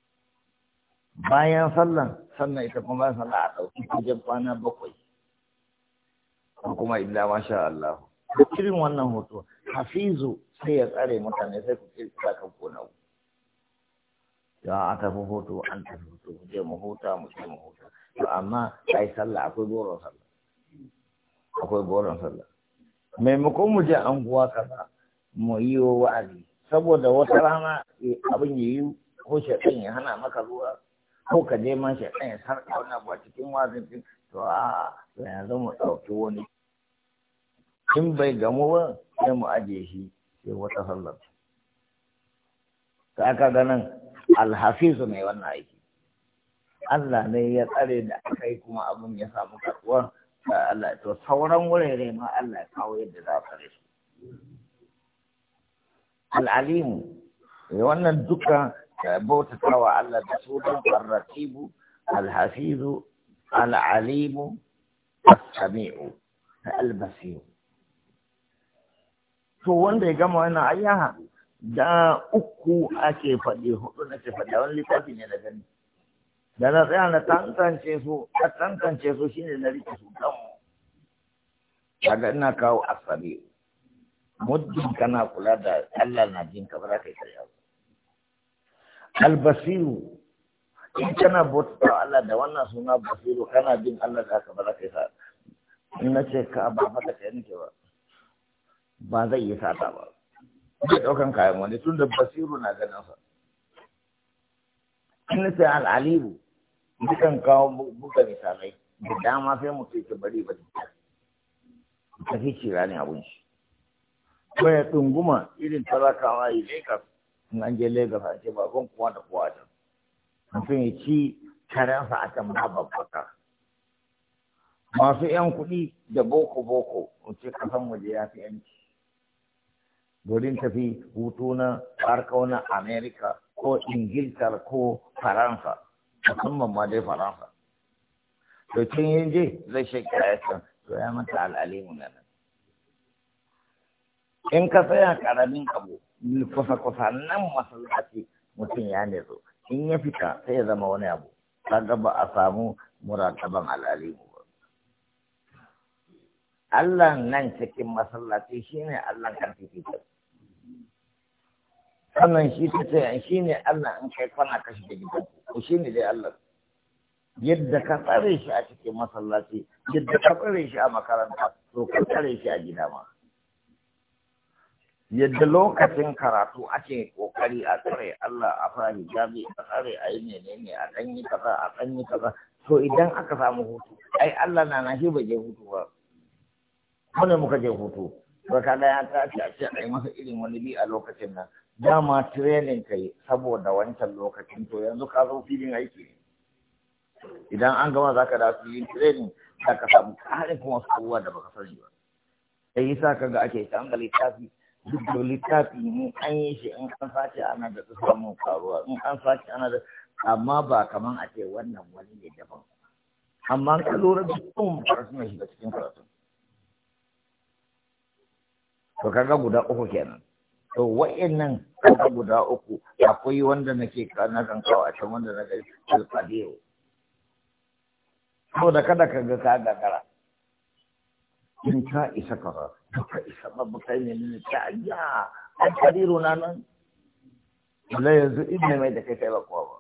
bayan sallan sannan ita kuma bayan sallan a ɗauki kujen kwana bakwai kuma illa masha Allah da irin wannan hoto hafizu sai ya tsare mutane sai ku ta kan kona ku ya aka fi hoto an tafi hoto je mu huta mu je mu huta to amma ai sallah akwai goron sallah akwai goron sallah maimakon mu je anguwa kaza mu yi wa'azi saboda wata rana eh, abin ya yi ko shaɗin ya hana maka zuwa ko ka je ma shaɗin ya sarƙa wani abu a cikin wazin to a yanzu mu ɗauki wani in bai gamu ba sai mu aje shi sai wata sallar ta aka ganin alhafizu mai wannan aiki Allah ne ya tsare da aka yi kuma abin ya samu karɓuwa Allah to sauran wurare ma Allah ya kawo yadda za a tsare su al'alimu wannan duka bautatawa Allah da su don arrakibu alhafizu al'alimu as-sami'u al-basiru to wanda ya gama wannan ayyaha da uku ake faɗi hudu na ke faɗi wani littafi ne na gani da na tsaya na tantance su a tantance su shine na rike su dan ga ina kawo asabi muddin kana kula da Allah na jin ka ba kai karya albasiru in kana bauta Allah da wannan suna basiru kana jin Allah da ka ba kai sa in ce ka ba mata ka yanke ba ba zai yi sata ba zai ɗaukan kayan wani tun da basiru na ganin sa in sai al'alibu dukan kawo buga misalai da dama sai mutum ke bari ba ta fi cira ne abun shi ko ya irin talakawa yi legas in an je legas a ce ba kun kuwa da kuwa can mutum ya ci karensa a can ba babbaka masu yan kuɗi da boko boko ce kasan waje ya fi yanci domin tafi hutu na farko na amerika ko ingiltar ko faransa musamman ma dai faransa to cin yin je zai shekara ya san to ya mata al'alimu na nan in ka tsaya karamin abu kusa kusa nan masallaci mutum ya nezo in ya fita sai ya zama wani abu kaga ba a samu murataban al'alimu Allah nan cikin masallaci shine Allah kan titi sannan shi ta ce shi ne Allah in kai kwana ka shiga gidan ku shi ne dai Allah yadda ka tsare shi a cikin masallaci yadda ka tsare shi a makaranta to ka tsare shi a gida ma yadda lokacin karatu ake kokari a tsare Allah a fara hijabi a tsare a yi menene a ɗanyi kaza a ɗanyi kaza to idan aka samu hutu ai Allah na na shi bai je hutu ba wani muka je hutu to kaga ya ce a ce ai masa irin wani bi a lokacin nan dama training kai saboda wancan lokacin to yanzu ka zo filin aiki idan an gama zaka da filin training za ka samu ƙarin kuma wasu da baka sani ba sai yasa kaga ake tamba littafi duk da littafi in an yi shi in an sace ana da samu karuwa in an sace ana da amma ba kaman a ce wannan wani ne daban amma ka lura da kuma farashin shi da cikin karatun to kaga guda uku kenan to wa'annan kaga guda uku akwai wanda nake na kan kawo a can wanda na ga alfadiyo to da kada ka ga ka gagara in ka isa kaza ka isa ba ba kai ne ne ta ya alfadiyo na nan Allah yanzu in mai da kai kai ba kowa ba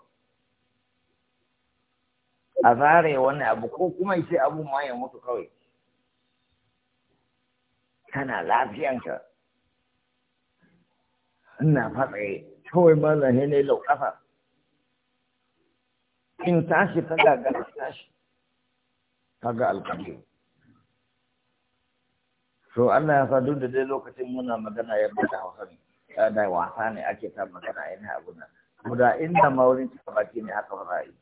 a zare wani abu ko kuma sai abu ma ya mutu kawai kana lafiyanka ina fatsaye kawai malam na ne lau kafa in tashi ta gagara tashi kaga alƙalin so Allah ya sa da dai lokacin muna magana ya bada hausa ne da wasa ne ake ta magana ina abu nan guda inda maurin cika baki ne haka ba yi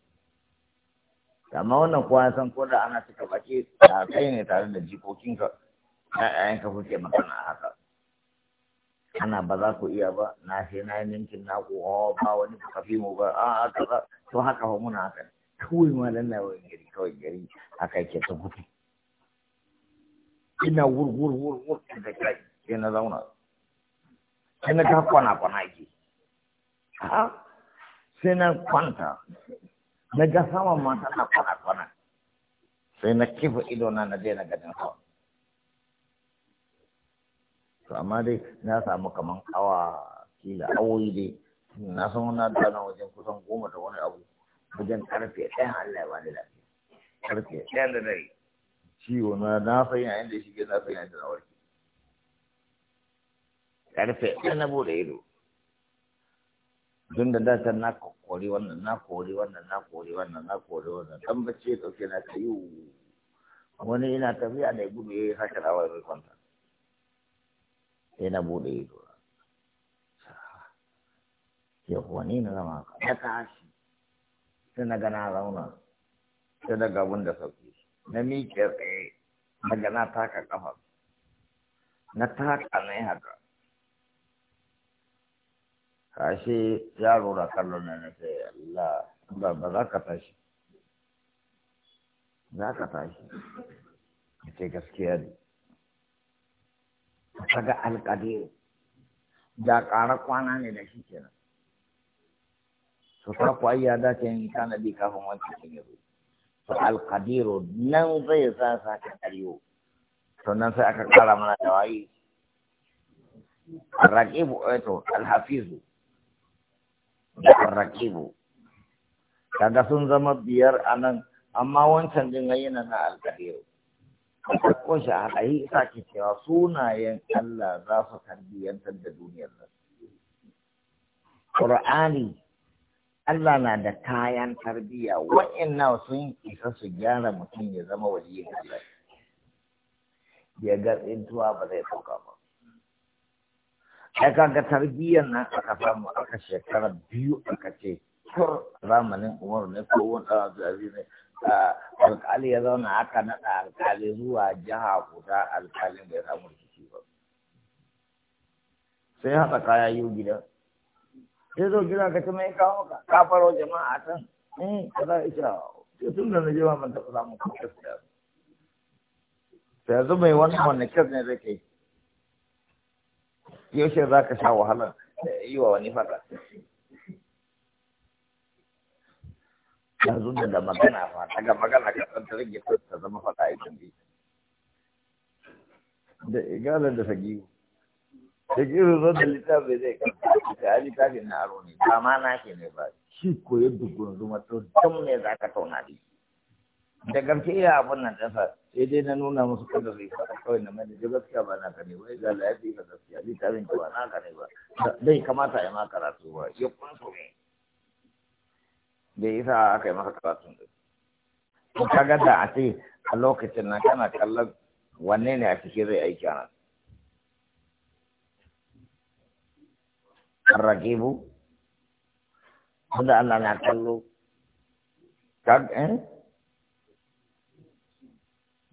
amma wannan kuwa san ko da ana cika baki ta kai ne tare da jikokinka ƴaƴan ka kuke magana a haka ana ba za ku iya ba na shi na yi ninkin na ku hawa ba wani kafi mu ba a haka ba to haka fa muna haka kawai ma nan na wani gari kawai gari haka yake ta gudu ina wurwur wurwur da kai sai na zauna sai na ta kwana kwana ke sai na kwanta na ga saman mata na kwana kwana sai na kifa ido na na daina ganin kawai to amma dai na samu kamar awa kila awoyi dai na san wani dana wajen kusan goma da wani abu wajen karfe ɗayan Allah ya ni lafiya karfe ɗayan da dare ciwo na na san yayin da ke na san yayin da na warke karfe ɗayan na bude ido tun da dace na kori wannan na kori wannan na kori wannan na kori wannan tambace bacci ya na ta yi wani ina tafiya da gudu ya yi haka rawa wajen kwanta sai na buɗe ido kuwa ni na zama ka ya tashi sai na gana zauna sai na gabun da sauki na miƙe tsaye na gana taka ƙafa na taka na yi haka kashe yaro da kallon na na Allah ba za ka tashi za ka tashi ce gaskiya ne kaga alƙadiru da ƙara kwana ne da shi kenan to ta ku ayya dace ta yin tanadi kafin wancan sun yi to alƙadiru nan zai sa sa ka ƙaryo to nan sai aka ƙara mana da wayi arraqibu eh, to alhafizu da rakibu kaga sun zama biyar anan amma wancan din yana na alƙadiru a ɗauko shi a cewa sunayen Allah za su tarbiyyantar da duniyar nan. Ƙur'ani Allah na da kayan tarbiyya wa'annan sun isa su gyara mutum ya zama waliyin Allah. Ya ga tsintuwa ba zai ɗauka ba. Ai ga tarbiyyar nan aka samu aka shekara biyu aka ce tur zamanin Umar ne ko wani ɗan ne alkali ya zauna aka naɗa alkali zuwa jiha guda alkalin bai samu rikici ba sai haɗa kaya yi gida sai zo gida ka ci mai kawo ka kafaro jama'a can in eh, ka za a ce tun da na jima ban taɓa samun kwakwar da sai yanzu mai wannan wannan kyas ne zai kai yaushe za ka sha wahala eh, yi wa wani faɗa yanzu da magana fa daga magana ka san ta rage ta zama faɗa a cikin da igalar da da sagiyu zo da littafi zai karɓa ta yi littafi na aro ne ba ma na ke ne ba shi koyi dukkan zuma to dan ne za ka tauna da da garke ya abun nan fa sai dai na nuna musu kada zai fa kai na mai da gaskiya ba na ka ne wai ga lafiya gaskiya littafin ba na ka ne ba dai kamata ya ma karatu ba ya kunsu ne da yasa aka yi masa karatun din ka ga da a ce a lokacin nan kana kallon wanne ne a cikin zai aiki a nan arragibu wanda Allah na kallo kag eh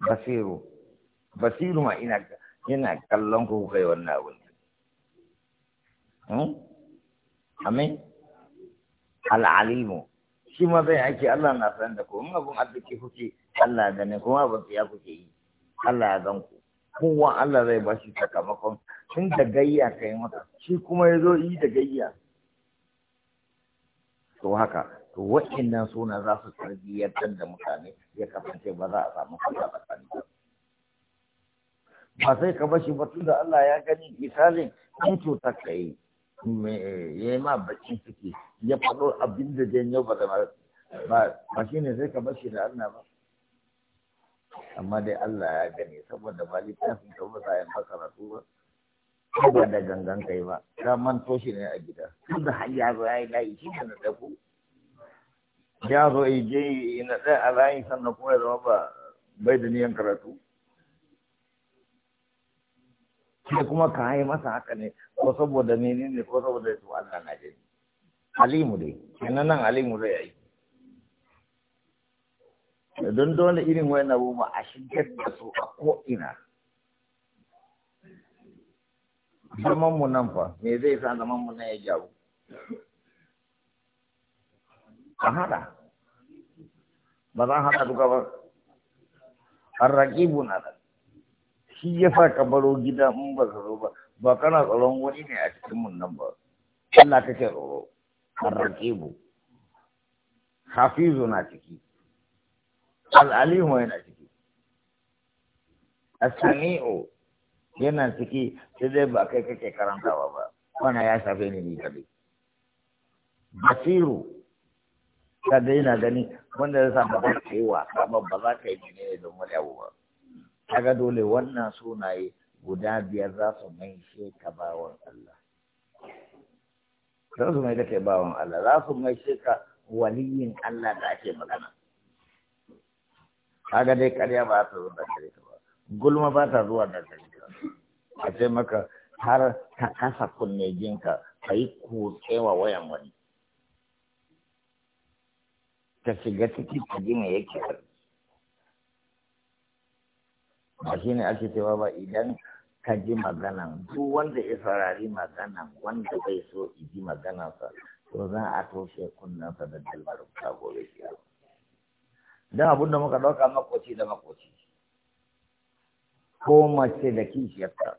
basiru basiru ma ina yana kallon ku kai wannan abun hmm? amin al'alimu shi ma zai aiki Allah na san da ku in abun arziki kuke Allah gane kuma abun tsiya kuke yi Allah ya gan ku kowa Allah zai ba shi sakamakon tun da gayya kai yi shi kuma ya zo yi da gayya to haka to wa'annan suna za su tarbiyyantar da mutane ya kasance ba za a samu kula tsakanin ba sai ka bashi ba tun da Allah ya gani misalin in cutar ka yi ya yi ma bakin ciki ya faɗo abin da zai yau ba ba shi ne sai ka bashi da Allah ba amma dai Allah ya gani saboda ba littafin ka ba za maka rasu ba ba da gangan kai ba ka manto shi ne a gida tunda har ya zo ya yi layi shi ne na dafu ya zo ya je na ɗaya a layi sannan kuma ya zama ba bai da niyan karatu sai kuma ka yi masa haka ne ko saboda mene ne ko saboda su Allah na jini alimu dai kenan nan alimu zai yi don dole irin wani abu ma a shigar da su a ko'ina zaman mu nan fa me zai sa zaman mu nan ya jawo a hada ba za a hada duka ba arraƙibu na da shi ya sa ka baro gida in ba ka zo ba ba kana tsaron wani ne a cikin mun nan ba Allah kake tsoro arraqibu hafizu na ciki al'alimu yana ciki as-sami'u yana ciki sai dai ba kai kake karantawa ba wannan ya shafe ni ni kadai basiru ka daina gani wanda ya sa ba ka yi wasa ba ba za ka yi ne don wani abu ba kaga dole wannan sunaye guda biyar za su mai ka bawan Allah za su mai da ke bawan Allah za su mai ka waliyin Allah da ake magana kaga dai karya ba ta zuwa da ba gulma ba ta zuwa da ka a ce maka har ka kasa kunne jinka ka yi kutsewa wayan wani ka shiga ciki ka gina yake ba shi ne ake cewa ba idan ka ji maganan duk wanda ya saurari magana, wanda bai so ji maganansa to za a toshe kunnansa da dalmar ta gobe kiyama dan abin da muka ɗauka makoci da makoci ko mace da kishiyarta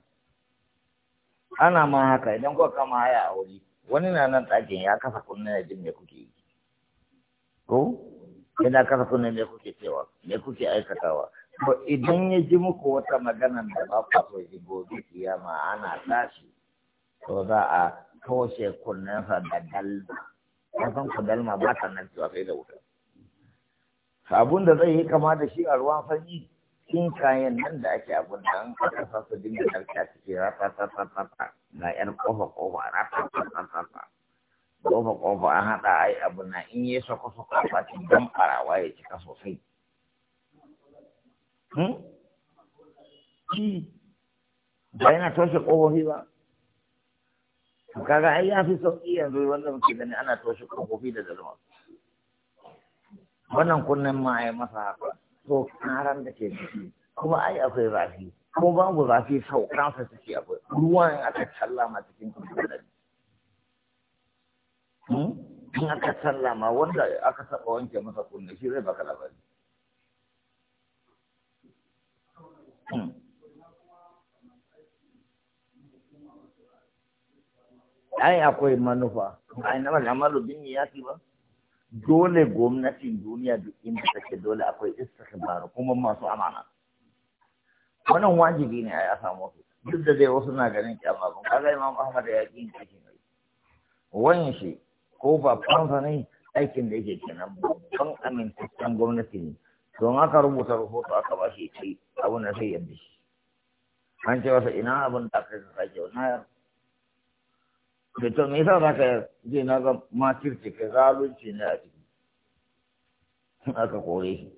ana ma haka idan kuka kama haya a wuri wani na nan ɗakin ya kasa kunne ya me kuke yi ko yana kasa kunne me kuke cewa me kuke aikatawa to idan ya ji muku wata magana da ba ku so ji gobe kiyama ana tashi to za a toshe kunnensa da dalma Wasan ku dalma ba ta nan cewa sai da wuta Sabun da zai yi kama da shi a ruwan sanyi cikin kayan nan da ake abun da an kasa sa su dinga karka ciki rata ta ta ta ta na yar kofa kofa rata ta ta ta ta kofa kofa an haɗa a yi abu na in yi sako sako a bacin don ɓarawa ya cika sosai Hmm? ba yana toshe ƙofofi ba kaga ai ya fi sauƙi yanzu wanda muke gani ana toshe ƙofofi da dalma wannan kunnen ma ai masa haka to karan da ke ciki kuma ai akwai zafi ko babu zafi saukansa suke akwai ruwan aka sallama cikin kunnen in aka sallama hmm? wanda aka saba wanke masa kunne shi zai baka labari Hmm. ai akwai manufa ai na malamalu bin ya ci ba dole gwamnatin duniya duk inda take dole akwai istikhbar kuma masu amana wannan wajibi ne a samu wasu, duk da zai wasu na ganin kyamma ba, kaga imam ahmad ya ƙi yin aikin ne wannan shi ko ba fansa ne aikin da yake kenan ban amintaccen gwamnati ne don aka rubuta rahoto aka ba shi abin da sai yadda shi an ce wasa ina abin da aka sake wani hayar da to me yasa za ka je na ga makirci ka zalunci ne a ciki aka kore shi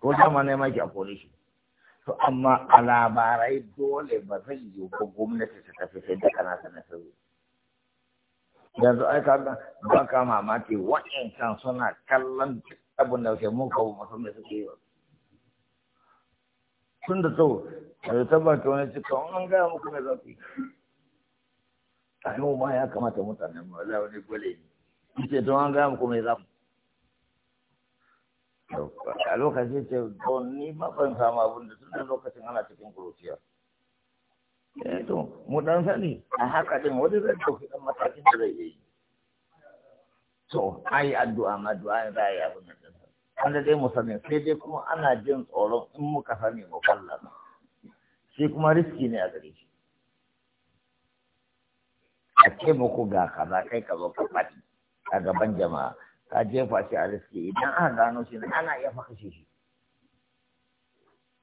ko ma ne ki a kore shi to amma a labarai dole ba zai yi ko gwamnati ta tafi sai da kana sanar su yanzu ai ka ba ka mamaki wa'ancan suna kallon duk abin da ke mun kawo mutum da suke yi tun da tsawo da tabbata wani cika an gaya muku mai zafi a yi ma ya kamata mutane ma wala wani gole ne ce to an gaya muku mai zafi a lokacin ce don ni ma ban samu abin da tun lokacin ana cikin kurociya eh to mu dan sani a haka din wani zai dauki dan matakin da zai yi to ai addu'a ma du'a ya yi abin da wanda dai mu sani sai dai kuma ana jin tsoron in muka sani mu kallama shi kuma riski ne a gare shi a ce muku ga kaza kai ka zo ka faɗi a gaban jama'a ka jefa shi a riski idan aka gano shi ne, ana iya faka shi shi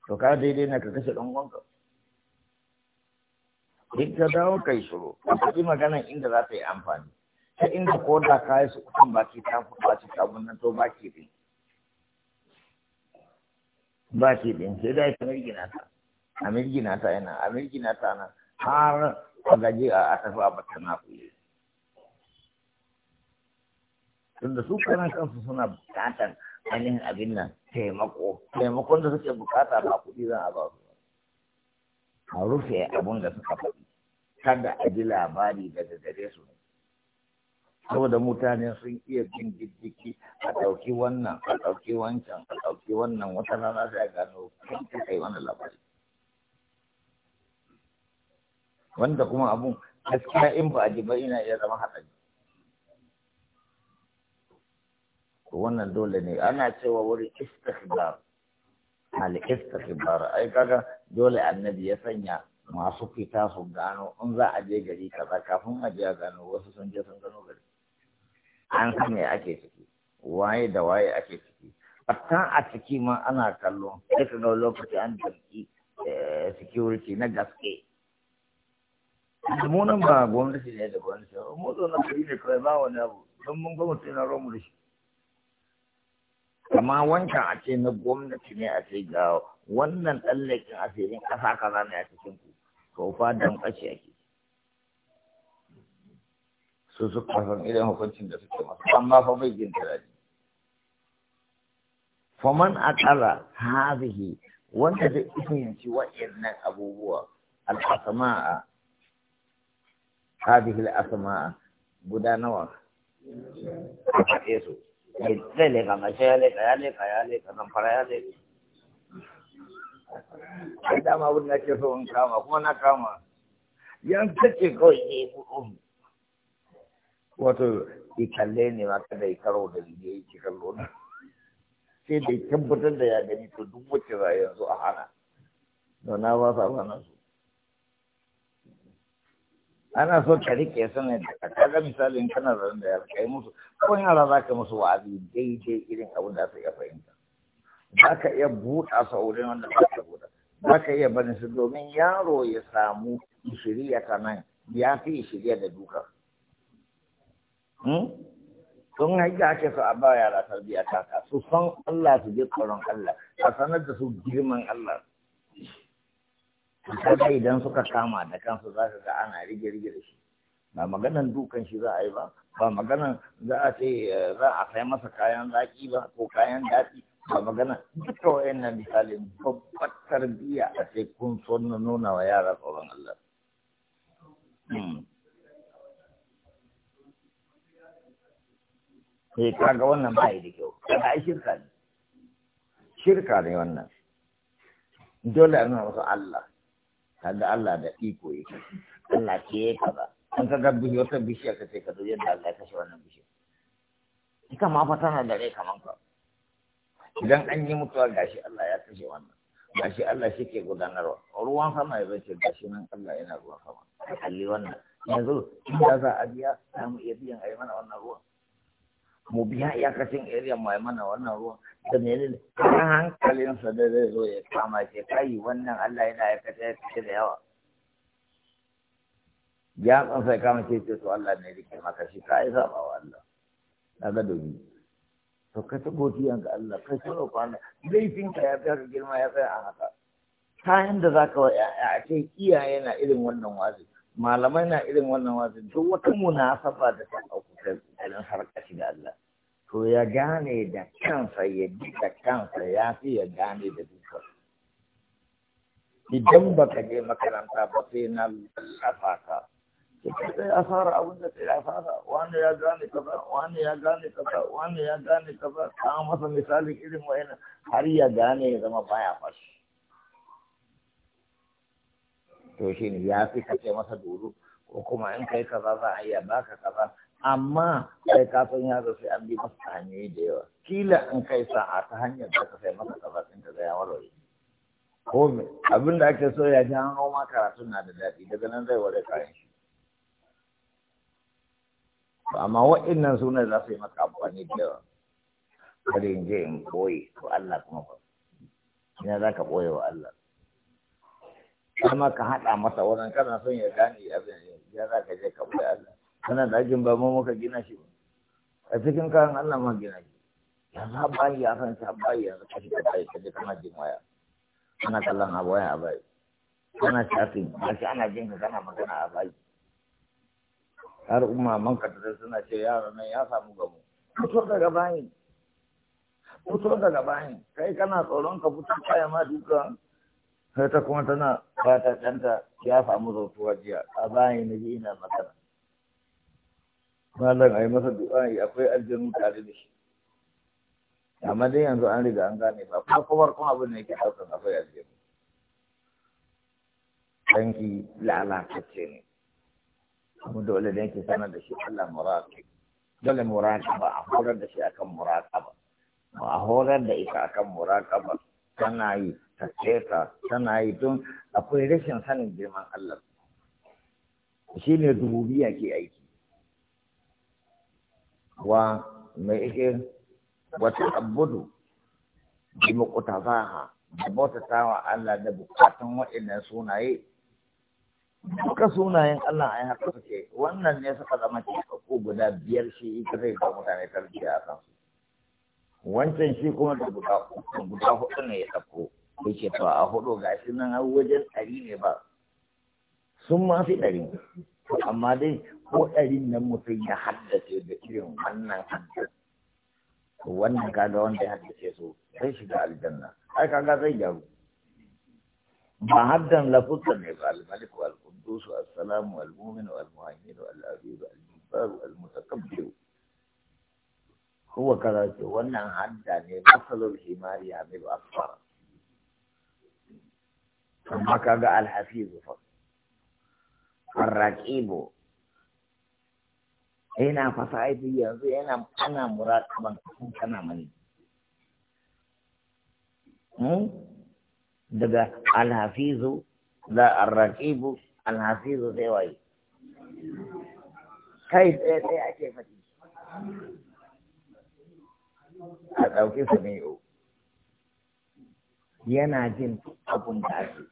to ka daidai na ka kashe ɗan wanka duk ka dawo kai shiru ka faɗi maganan inda za ta yi amfani ta inda ko da ka yi su kusan baki ta fi ɓaci ta nan to baki ɗin ba shi ɗin sai da ita na ta a mirgina ta yana a mirgina ta nan har a gaji a tafi a bata na kuye tunda su kanan kansu suna bukatan ainihin abin nan taimako taimakon da suke bukata ba kuɗi zan a ba su a rufe abin da suka faɗi kada a ji labari daga gare su ne saboda mutane sun iya bin diddiki a ɗauki wannan a ɗauki wancan a ɗauki wannan wata rana sai a gano kan ka kai wani labari wanda kuma abun gaskiya in ba a ji ba ina iya zama haɗari. wannan dole ne ana cewa wurin istikhbar al istikhbar ai kaga dole annabi ya sanya masu fita su gano in za a je gari kaza kafin a je a gano wasu sun je sun gano gari an san me ake ciki waye da waye ake ciki hatta a ciki ma ana kallo sai ka ga lokaci an danki eh, security na gaske munan ba gwamnati ne da gwamnati ba mu zo na kuri ne kawai ba wani abu don mun gwamnati na romu da shi amma wancan a ce na gwamnati ne a ce ga wannan tsallakin asirin ƙasa kaza ne a cikin ku to fa ƙashi ake su su san irin hukuncin da suke masu amma fa bai jin taraji faman akala hazihi wanda zai fahimci wa'annan abubuwa al-asma'a hadhihi al-asma'a guda nawa a faɗe su zai leka mace ya leka ya leka ya leka nan fara ya leka ai dama abin da ke so in kama kuma na kama yan kace kawai ne eh, wato ya kalle ne ma kada ya karo da ya ke kallo na sai da ya tabbatar da ya gani to duk wacce za yanzu a hana da na ba sa hana su ana so ka rike sanar da ka kaga misalin kana zan da ya yara yi musu kawai yara za ka musu wa'azi daidai irin abin da su iya fahimta za ka iya buɗa su a wurin wanda za ka buɗa za ka iya barin su domin yaro ya samu shirya ta nan ya fi shirya da duka sun hmm? haika ake su a ba yara tarbiyya kaka su san Allah su ji tsoron Allah a sanar da su girman Allah kaga idan suka kama da kansu za ka ga ana rige rige da shi ba maganan dukan shi za a yi ba ba maganan za a ce eh, za a sai masa kayan zaki ba ko kayan daɗi ba maganan duka wayannan misalin babbar tarbiyya a sai kun son nuna wa yara tsoron Allah hmm. sai eh, kaga wannan ba da kyau kaga ai shirka ne shirka ne wannan dole a nuna masa Allah kaga Allah da iko yake Allah ke kaza an kaga bishiya wata bishiya ka ce ka zo yadda Allah ya kashe wannan bishiya ita ma fa tana da rai kaman ka idan an yi mutuwa gashi Allah ya kashe wannan gashi Allah shi ke gudanarwa ruwan sama ya bace gashi nan Allah yana ruwan sama kalli wannan yanzu inda za a biya za mu iya biyan a yi mana wannan ruwan mu biya iyakacin area mai mana wannan ruwan da ne kan hankalinsa da zai zo ya kama ce kai wannan Allah yana ya kace ya da yawa ya tsansa sai kama ce ce to Allah ne yake maka shi ka yi saba wa Allah daga domin to ka ta godiyan ga Allah kai so ko Allah laifin ka ya tsaya girma ya tsaya a haka kayan da zaka wa a ce iyaye na irin wannan wazi malamai na irin wannan wasu duk wata munasaba da ta auku kalin harka da Allah to ya gane da kansa ya ji da kansa ya fi ya gane da duka idan baka je makaranta ba sai na lallafa ka sai a fara abin da sai a fara wani ya gane kaza wani ya gane kaza wani ya gane kaza ka masa misali irin wayannan har ya gane ya zama baya fashi to shi ne ya fi kace masa dodo ko kuma in kai kaza za a iya baka kaza amma kai ka san ya sai an bi masa hanyoyi da yawa kila in kai sa'a ta hanyar da ka sai masa kaza din ka zaya warware ko abin da ake so ya ji an ma karatun na da daɗi daga nan zai ware kayan shi amma wa'innan suna ne za su yi maka amfani da yawa kada in je in ɓoye to Allah kuma ba ina za ka ɓoye wa Allah amma ka haɗa masa wannan kana son ya gane abin ya za ka je ka bude Allah kana ɗakin ba mu muka gina shi ba a cikin kayan Allah ma gina shi ya ba bayi ya san sa bayi yanzu ka shiga bayi ka je kana jin waya kana kallon abu waya a kana shafin ba shi ana jin ka kana magana a bayi har umma man ka tare suna ce yaro nan ya samu gamu fito daga bayi fito daga bayin. kai kana tsoron ka fito kaya ma duka sai ta kuma tana fata ɗanta ya samu zautuwa jiya a bayan na ina magana malam a yi masa yi akwai aljanu tare da shi amma dai yanzu an riga an gane ba Kuma kuma kuma abin da yake haukan akwai aljanu danki lalatacce ne kuma dole ne ke sanar da shi Allah muraki dole ba a horar da shi akan ba, a horar da ita akan ba tana yi ta keta tana yi don akwai rashin sanin girman Allah shi ne rububiya ke aiki wa mai ike wata abudu ji makuta ha da bautata wa Allah da bukatun waɗannan sunaye duka sunayen Allah a yi haka suke wannan ne suka zama cikakku guda biyar shi ita zai ga mutane tarbiyya a kansu wancan shi kuma da guda guda hudu ne ya ɗauko yake to a hudu ga shi nan har wajen ɗari ne ba sun ma fi ɗari amma dai ko ɗarin nan mutum ya haddace da irin wannan haddace wannan kaga wanda ya haddace su sai shiga aljanna ai kaga zai gyaru ba haddan lafuzan ne ba al-malik wal qudus wal salam wal mu'min wal muhaymin wal aziz wal jabbar wal mutakabbir kaza ce wannan hadda ne masalul ba amil fara amma kaga alhafizu fa arraqibu yana fasaifi yanzu yana ana muraqaban kana mani hmm? daga alhafizu da arraqibu alhafizu sai wai kai sai sai ake faɗi a ɗauki su ne yana jin abun da ake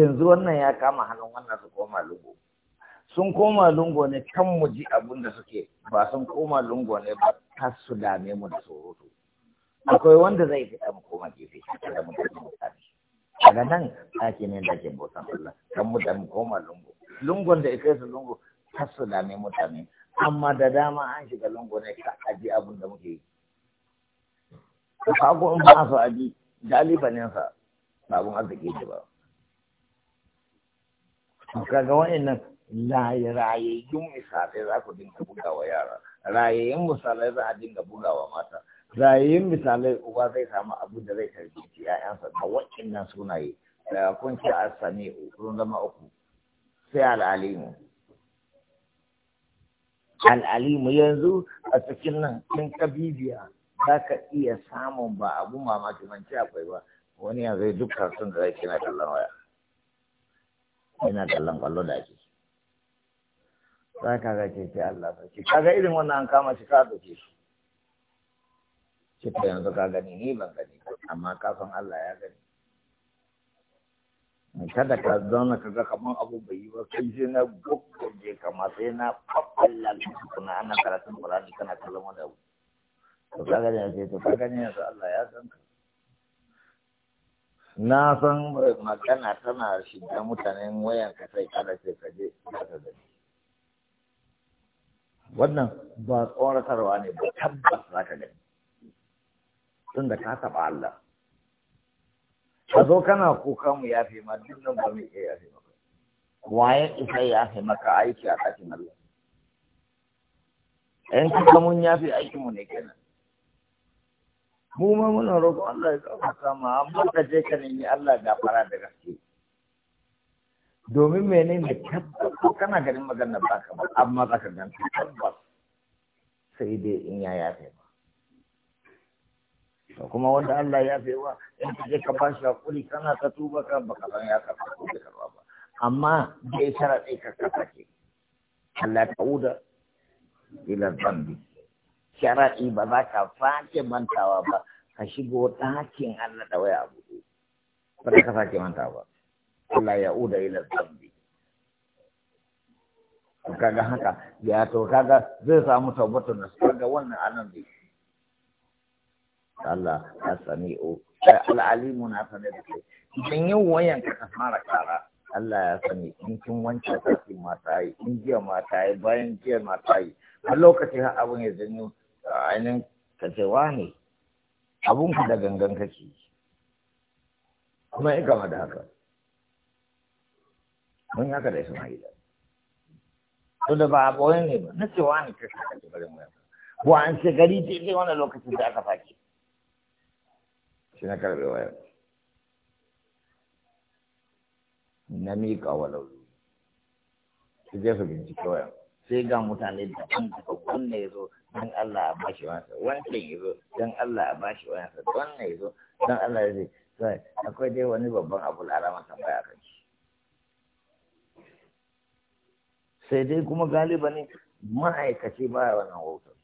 yanzu wannan ya kama hannun wannan su koma lungu sun koma lungo ne kan mu ji abin da suke ba sun koma lungo ne ba ta su dame mu da surutu akwai wanda zai fita mu koma gefe da mu da mu daga nan ɗaki ne da ke bautan Allah kan mu da mu koma lungo lungon da kai su lungo ta su dame mutane amma da dama an shiga lungo ne ka aji abin da muke yi ka ko in ba su aji galibanin sa babun arziki ne ba kaga wa'annan rayayyun misalai za ku dinga buga wa yara rayayyun misalai za a dinga buga wa mata rayayyun misalai uba zai samu abu da zai karfi ‘ya'yansa da wa'annan sunaye da kun ce a sani sun zama uku sai al'alimu al'alimu yanzu a cikin nan ɗin ka bibiya za ka iya samun ba abu mamaki man ci akwai ba wani yanzu duk sun da zai kina kallon waya yana kallon kwallo da ake za ka ga ce ce Allah sarki kaga irin wannan an kama shi ka dauke shi. ce to yanzu ka gani ni ban gani amma kafin Allah ya gani kada ka zauna ka ga kamar abu bai yi ba sai je na goggoje kama sai na su kuna ana karatun da kana kallon wani abu to ka gani ta to ka gani yanzu Allah ya san ka na san eh, magana tana shiga mutanen wayan ka sai kada da ka je ka da wannan ba tsoratarwa ne ba tabbas za ka gani tun da ka taɓa Allah ka zo kana kuka mu yafe ma duk nan ba mu iya yafe maka waye isa yafe maka aiki a ɗakin Allah in kuka mun yafe aikinmu ne kenan mu ma muna roƙon Allah ya gafarta sama amma ka je ka nemi Allah gafara da gaske domin menene tabbas kana ganin maganar ka ba amma ka ganta tabbas sai dai in ya yafe ba to kuma wanda Allah ya yafe wa in ka je ka ba shi hakuri kana ta tuba ka baka san ya karɓa ko bai karɓa ba amma dai sharaɗi ka ke Allah ta'uda ila zambi sharaɗi ba za ka sake mantawa ba ka shigo ɗakin Allah da waya abu ba za ka sake mantawa ba Allah ya uda ila zambi kaga haka ya to kaga zai samu na su kaga wannan anan bai Allah as-sami'u al na sanar da kai idan yau wayan ka ka fara kara Allah ya sani in kin wancan sati mata yi in jiya mata yi bayan jiya mata yi a lokacin abin ya zanyo ainihin ka ce wane abun ka da gangan kake kuma ya gama da haka mun yaka da gida to da ba a ɓoye ne ba na ce ne ka kake bari mu ko an ce gari ce wani lokacin da aka faki shi na karɓe wayar na miƙa wa lauri su jefa bincike wayar sai ga mutane da ɗan daga kunne ya zo dan Allah a bashi wansa wancan ya zo dan Allah a bashi wansa wannan zo dan Allah yazo sai akwai dai wani babban abu alama tambaya kan shi sai dai kuma galiba ne ma'aikaci ba wannan hoto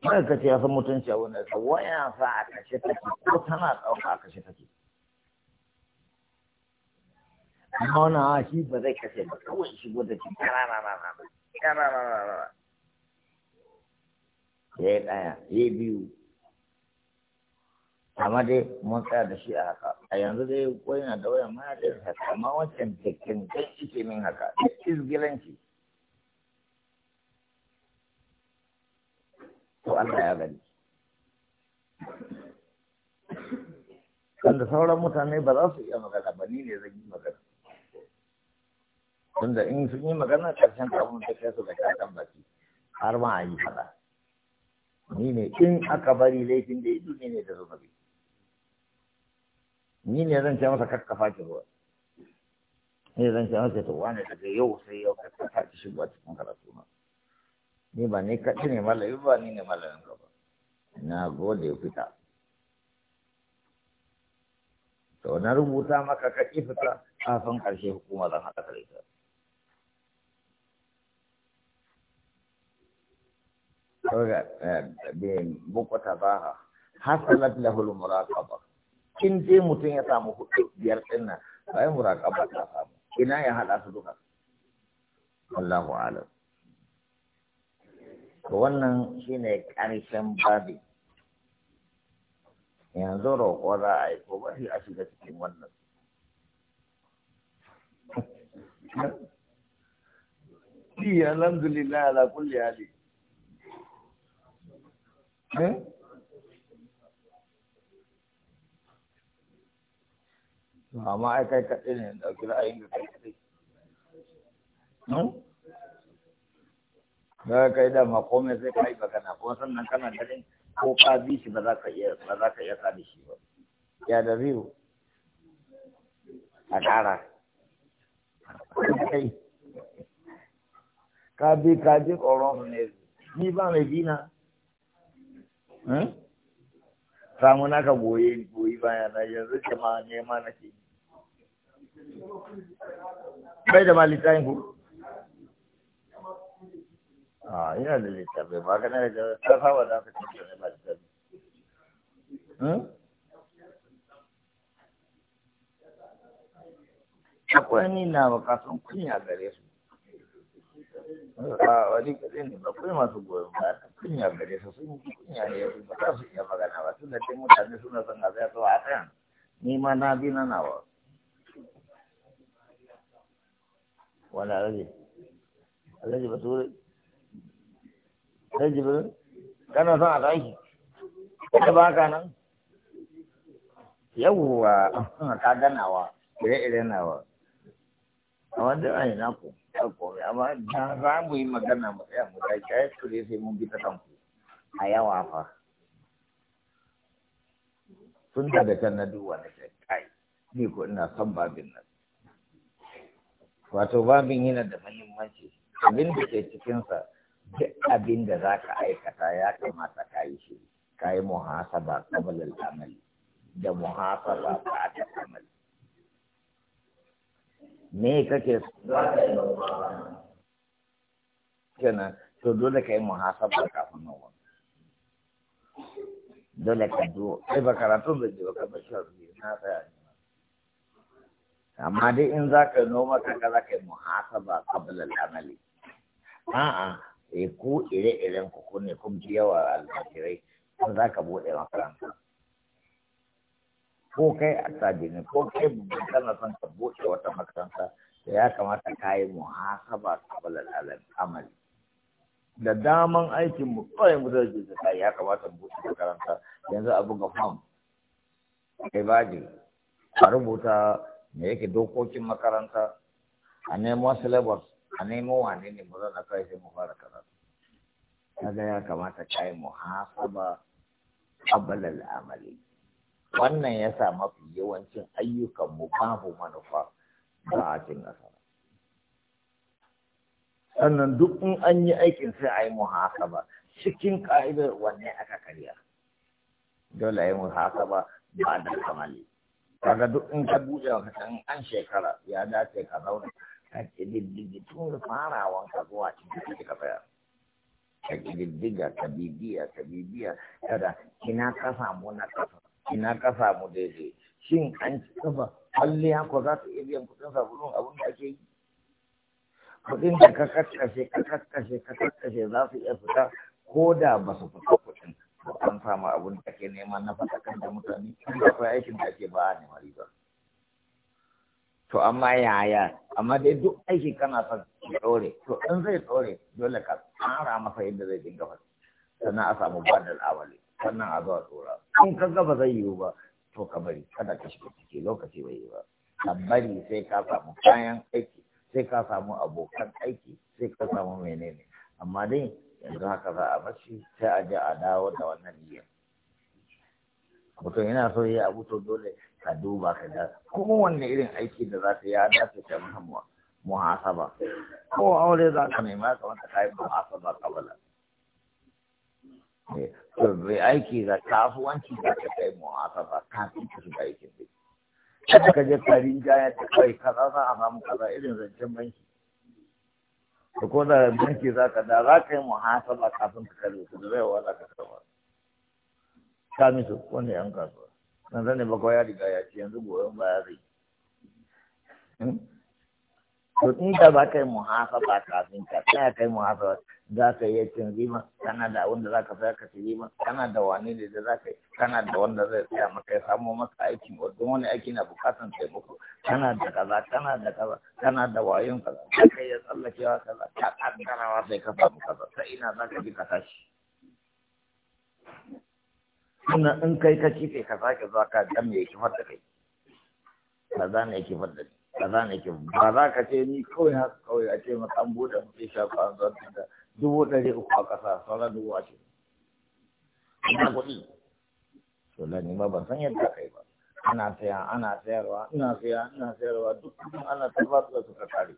ma'aikaci ya san mutunci a wannan sa waya sa a kashe take ko tana ɗauka a kashe take amma wannan shi ba zai kashe ba kawai shigo da shi ƙararararara ƙararararara ya yi ɗaya ya yi biyu amma dai mun tsaya da shi a haka a yanzu dai koyi na da wayan mana da haka amma wancan cikin kan ike min haka izgilanci to Allah ya gani wanda sauran mutane ba za su iya magana ba ni ne zan yi magana tunda in sun yi magana karshen kamun ta kai su da kakan baki har ma a yi fada ni ne in aka bari laifin da ido ne ne da bi ni ne zan ce masa kakkafa ki ruwa ni zan ce masa to wani daga yau sai yau kakkafa ki shigo a cikin karatu ma ni ba ni kaɗi ne malami ba ni ne malamin ka ba na gode fita to na rubuta maka ka ƙi fita kafin ƙarshe hukuma zan haɗa ka da boko eh, tabaha hasalat lahul muraqaba kin je mutum ya samu hudu biyar din nan bayan muraqaba ta samu ina ya hada su duka Allahu alam wannan shine karshen babi yanzu roƙo za a yi ko ba a shiga cikin wannan Iya, alhamdulillah ala kulli hali. eh amma ai kai kaɗai ne ɗauki ra'ayin ka kai kaɗai ga hmm? kai da ma komai sai ka yi magana kuma sannan kana ganin ko ka bi shi ba za ka iya ba za ka iya sa da shi ba ya da biyu a ƙara kai ka bi ka bi tsoron ne ni ba mai bina Eh? samu na ka goyi baya na yanzu ma nema ke bai da ma littafin ku a ina da littafi ba ka nare da ta saba da aka cikin ne ba littafi hmm? akwai ni na bukatun kunya gare su a wani kaɗai ne ba kuma masu goyon ba ta kunya gare su sun yi kunya ne yanzu ba za su iya magana ba tun da dai mutane suna son a zai a kan ni ma na bi na nawa wani alaji alaji bature alaji ba bature kana son a tashi kada ba ka nan yawwa ta ganawa ire-ire nawa a wanda na naku ba komai amma da za mu yi magana mu tsaya mu kai kai kure sai mun bi ta kanku a yawa fa Sun daga can na duwa na ce kai ni ko ina son babin nan wato babin yana da muhimmanci abin da ke cikinsa duk abin da za ka aikata ya kamata ka yi shi ka yi muhasaba kabal al'amali da muhasaba ba ta me kake kenan to dole ka yi muhasaba kafin nan dole ka duwo sai ba karatun da ji ba ka bashar na tsaya amma dai in za ka noma ka za ka yi muhasaba kabla al'amali a'a E ku ire-iren ku ne kun ji yawa almajirai za ka buɗe makaranta ko kai a ne ko kai kana son ka buɗe wata makaranta da ya kamata ka yi muhasaba kabalar amali da daman aikin mu kawai mu zai ka ya kamata mu buɗe makaranta yanzu a buga fam kai baji a rubuta me yake dokokin makaranta a nemo syllabus a nemo wane ne mu zana kai sai mu fara karatu kaga ya kamata ka yi muhasaba kabalar amali wannan ya sa mafi yawancin ayyukanmu babu manufa ba a cin nasara sannan duk in an yi aikin sai a yi ba, cikin ƙa'idar wanne aka karya dole a yi haka ba ba da kamali kaga duk in ka buɗe wa kasan an shekara ya dace ka zauna ka ƙididdigi tun farawan ka zuwa cikin ka tsaya ka ƙididdiga ka bibiya ka bibiya kada kina ka samu na ƙasa ina ka samu daidai shin an ci kafa kwalliya ko za ta iya biyan kuɗin sabulun abin da ake yi kuɗin da ka kakkashe ka kakkashe ka kakkashe za su iya fita ko da ba su fita kuɗin Ba an samu abin da ake nema na faɗakar da mutane kuma akwai aikin da ake ba a nema riba to amma yaya amma dai duk aiki kana son ya ɗore to in zai ɗore dole ka tsara masa yadda zai dinga fata sannan a samu bada awali sannan a zuwa tsora in ka gaba zai yiwu ba to ka bari kada ka shiga ciki lokaci bai yi ba ka bari sai ka samu kayan aiki sai ka samu abokan aiki sai ka samu menene amma dai yanzu haka za a bashi sai a je a dawo da wannan niyyar mutum yana so ya abu to dole ka duba ka ga kuma wanne irin aiki da za ta ya dace ta muhammad muhasaba ko aure za ka nema kamar ka yi muhasaba kabala Eh, to mai aiki da kasuwanci da ka kai mu mu'asaba kafin ka shiga aikin da kada ka je karin jaya ta kai kaza za a samu kaza irin zancen banki da ko da banki za ka da za ka yi muhasaba kafin ka kare su da zaiwa za ka kama ta misu wanda yan kasuwa nan zane bakwai ya riga ya ce yanzu goyon ba ya zai hmm? to in ka za ka yi muhasaba kafin ka tsaya ka yi muhasaba za ka iya cin rima kana da wanda za ka saya ka ci rima kana da wani ne da za ka yi? kana da wanda zai tsaya maka ya samo maka aikin don wani aiki na bukatan taimako kana da kaza kana da kaza kana da wayon kaza za ka iya tsallakewa kaza ka wa sai ka samu kaza ta ina za ka bi ka tashi Kuna in kai ka ci ka sake zuwa ka dan me yake fadda kai kaza ne yake fadda ni kaza ne yake ba za ka ce ni kawai haka kawai a ce maka an bude mutum shafa an zuwa da dubu ɗari uku a ƙasa sauran dubu cikin ina kuɗi to la ni ma ban san yadda kai ba ana saya ana sayarwa ina saya ina sayarwa duk kudin ana tabbas da suka kare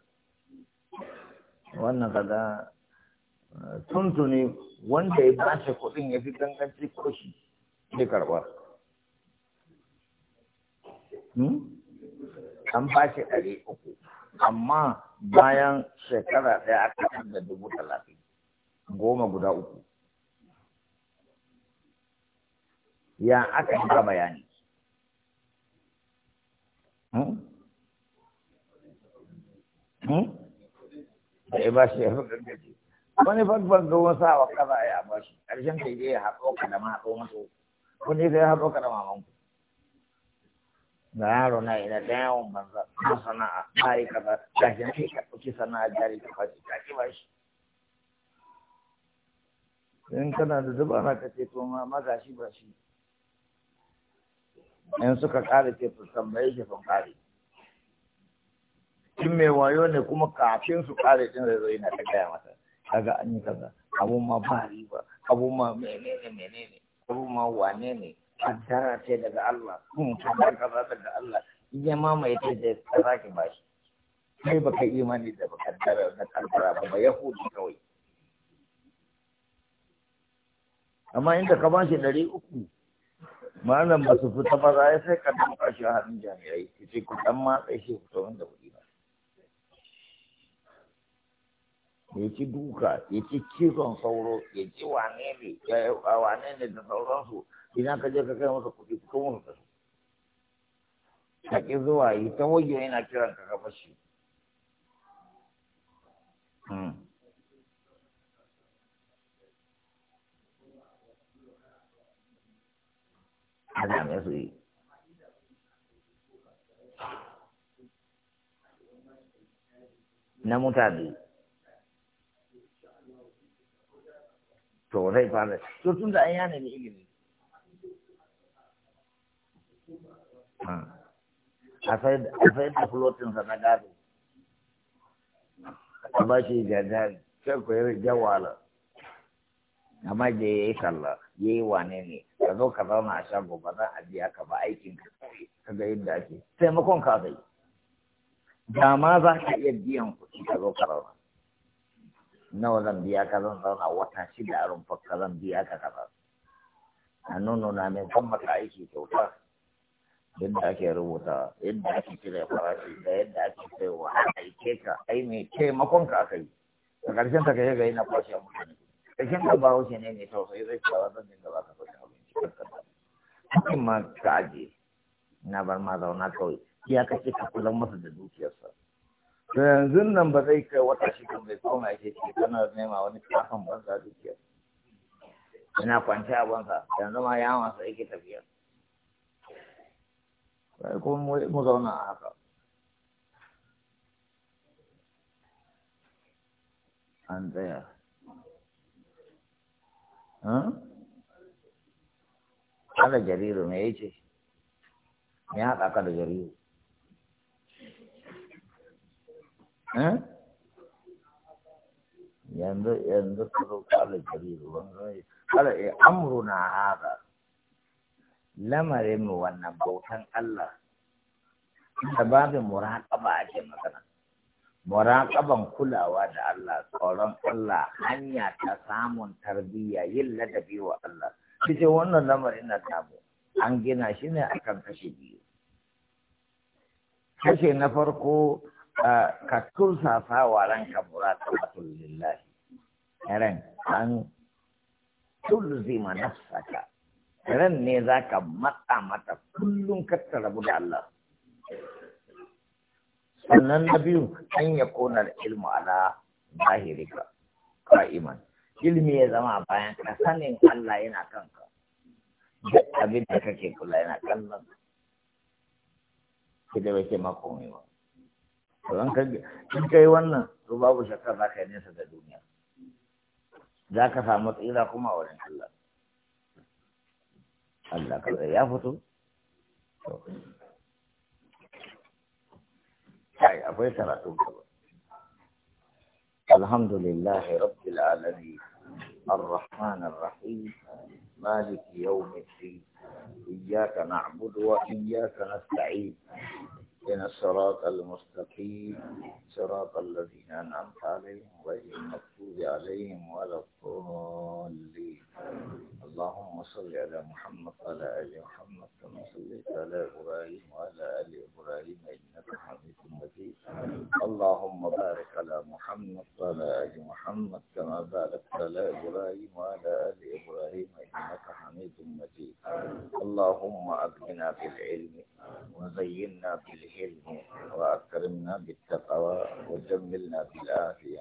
wannan kaga eh, tuntuni wanda ya bace kuɗin ya fi ganganci ko shi ne karɓa hmm? an bace ɗari uku amma bayan shekara ɗaya aka da dubu talatin goma guda uku ya aka yi ba bayani da hmm? hmm? ya ba shi ya fi gargaji wani babban gowon sa wa kaza ya ba shi ƙarshen da ya haɗo ka da mahaɗo maso wani zai haɗo ka da mamanku da yaro na ina da yawon banza na sana'a ta yi kaza ta shi ne ka ɗauki sana'a jari ta fashi ta ki ba shi in kana da dubara ka ce to ma ga shi ba shi in suka kare ce to tambaye shi sun kare kin me wayo ne kuma kafin su kare din zai zo ina ta kaya mata kaga an yi kaza abu ma ba riba abu ma menene menene abu ma wane ne kaddara ce daga Allah kun kaddara kaza daga Allah iya ma mai ta da kaza ki ba shi kai baka imani da kaddara da kaddara ba yahudi kawai amma inda ka bashi ɗari uku malam ba su fita ba za sai ka duka shi a hannun jami'ai ki ce ku ɗan matsa shi tsohon da kuɗi ba ya ci duka ya ci cizon sauro ya ci wane ne ya wane ne da sauransu ina ka je ka kai masa kuɗi ku kuma ka ka ƙi zuwa yi ta wajen yana kiran ka kafa shi. Hmm. a zame su yi na mutane to zai fara to tun da an yana ne ilimi a sai da flotinsa na gado a ba shi jajari sai ku yi jawala amma je ya yi sallah ya yi wane ne ka zo ka zauna a shago ba za a biya ka ba aikin ka ka ga yadda ake taimakon ka zai da ma za ka iya biyan kuɗi ka zo ka zauna nawa zan biya ka zan zauna wata shida a rumfa ka zan biya ka kaza a nono na mai kan maka aiki kyauta yadda ake rubuta yadda ake cire farashi da yadda ake saiwa a aike ka ai mai taimakon ka aka yi a ƙarshen ta ka yi ga yana kwashe mutane ƙarshen ka bawo shi ne mai tausayi zai cewa zan dinga ba ka kuɗin abinci karkata hakan ma ka aje na bar ma zauna kawai ya kace ka kula masa da dukiyarsa to yanzu nan ba zai kai wata shi kan bai koma yake ce kana nema wani kafan banza dukiyar ina kwanci a banza yanzu ma ya masa yake tafiya sai ko mu zauna a haka an tsaya Ala jariru me yace? Me haɗa ka da jariru? Yanzu yanzu ka zo ka ala jariru kala ala e na haɗa Lamarin mu wannan bautan Allah. Da babin muraƙaba ake magana. muraƙaban kulawa da Allah tsoron Allah hanya ta samun tarbiyya yin ladabi wa Allah kace wannan lamarin na tabu an gina shi ne kan kashe biyu kashe na farko ka tursasa wa ranka muraqabatul lillahi ran an ma nafsaka ran ne zaka matsa mata kullum ka rabu da Allah sannan na biyu an ya kona ilmu ala zahirika ka'iman ilmi ya zama bayan ka sanin Allah yana kanka duk abin da kake kula yana kallon ki da bake ma komai ba to an ka in kai wannan to babu shakka za ka yi nesa da duniya za ka samu tsira kuma wurin Allah Allah ya fito الحمد لله رب العالمين الرحمن الرحيم مالك يوم الدين إياك نعبد وإياك نستعين إن الصراط المستقيم صراط الذين أنعمت عليهم غير المغضوب عليهم ولا الضالين اللهم صل على محمد وعلى آل محمد كما صليت على إبراهيم وعلى آل إبراهيم إنك حميد مجيد اللهم بارك على محمد وعلى آل محمد كما باركت على إبراهيم وعلى آل إبراهيم إنك حميد مجيد اللهم أبقنا بالعلم وزينا بالحلم وأكرمنا بالتقوى وجملنا بالعافية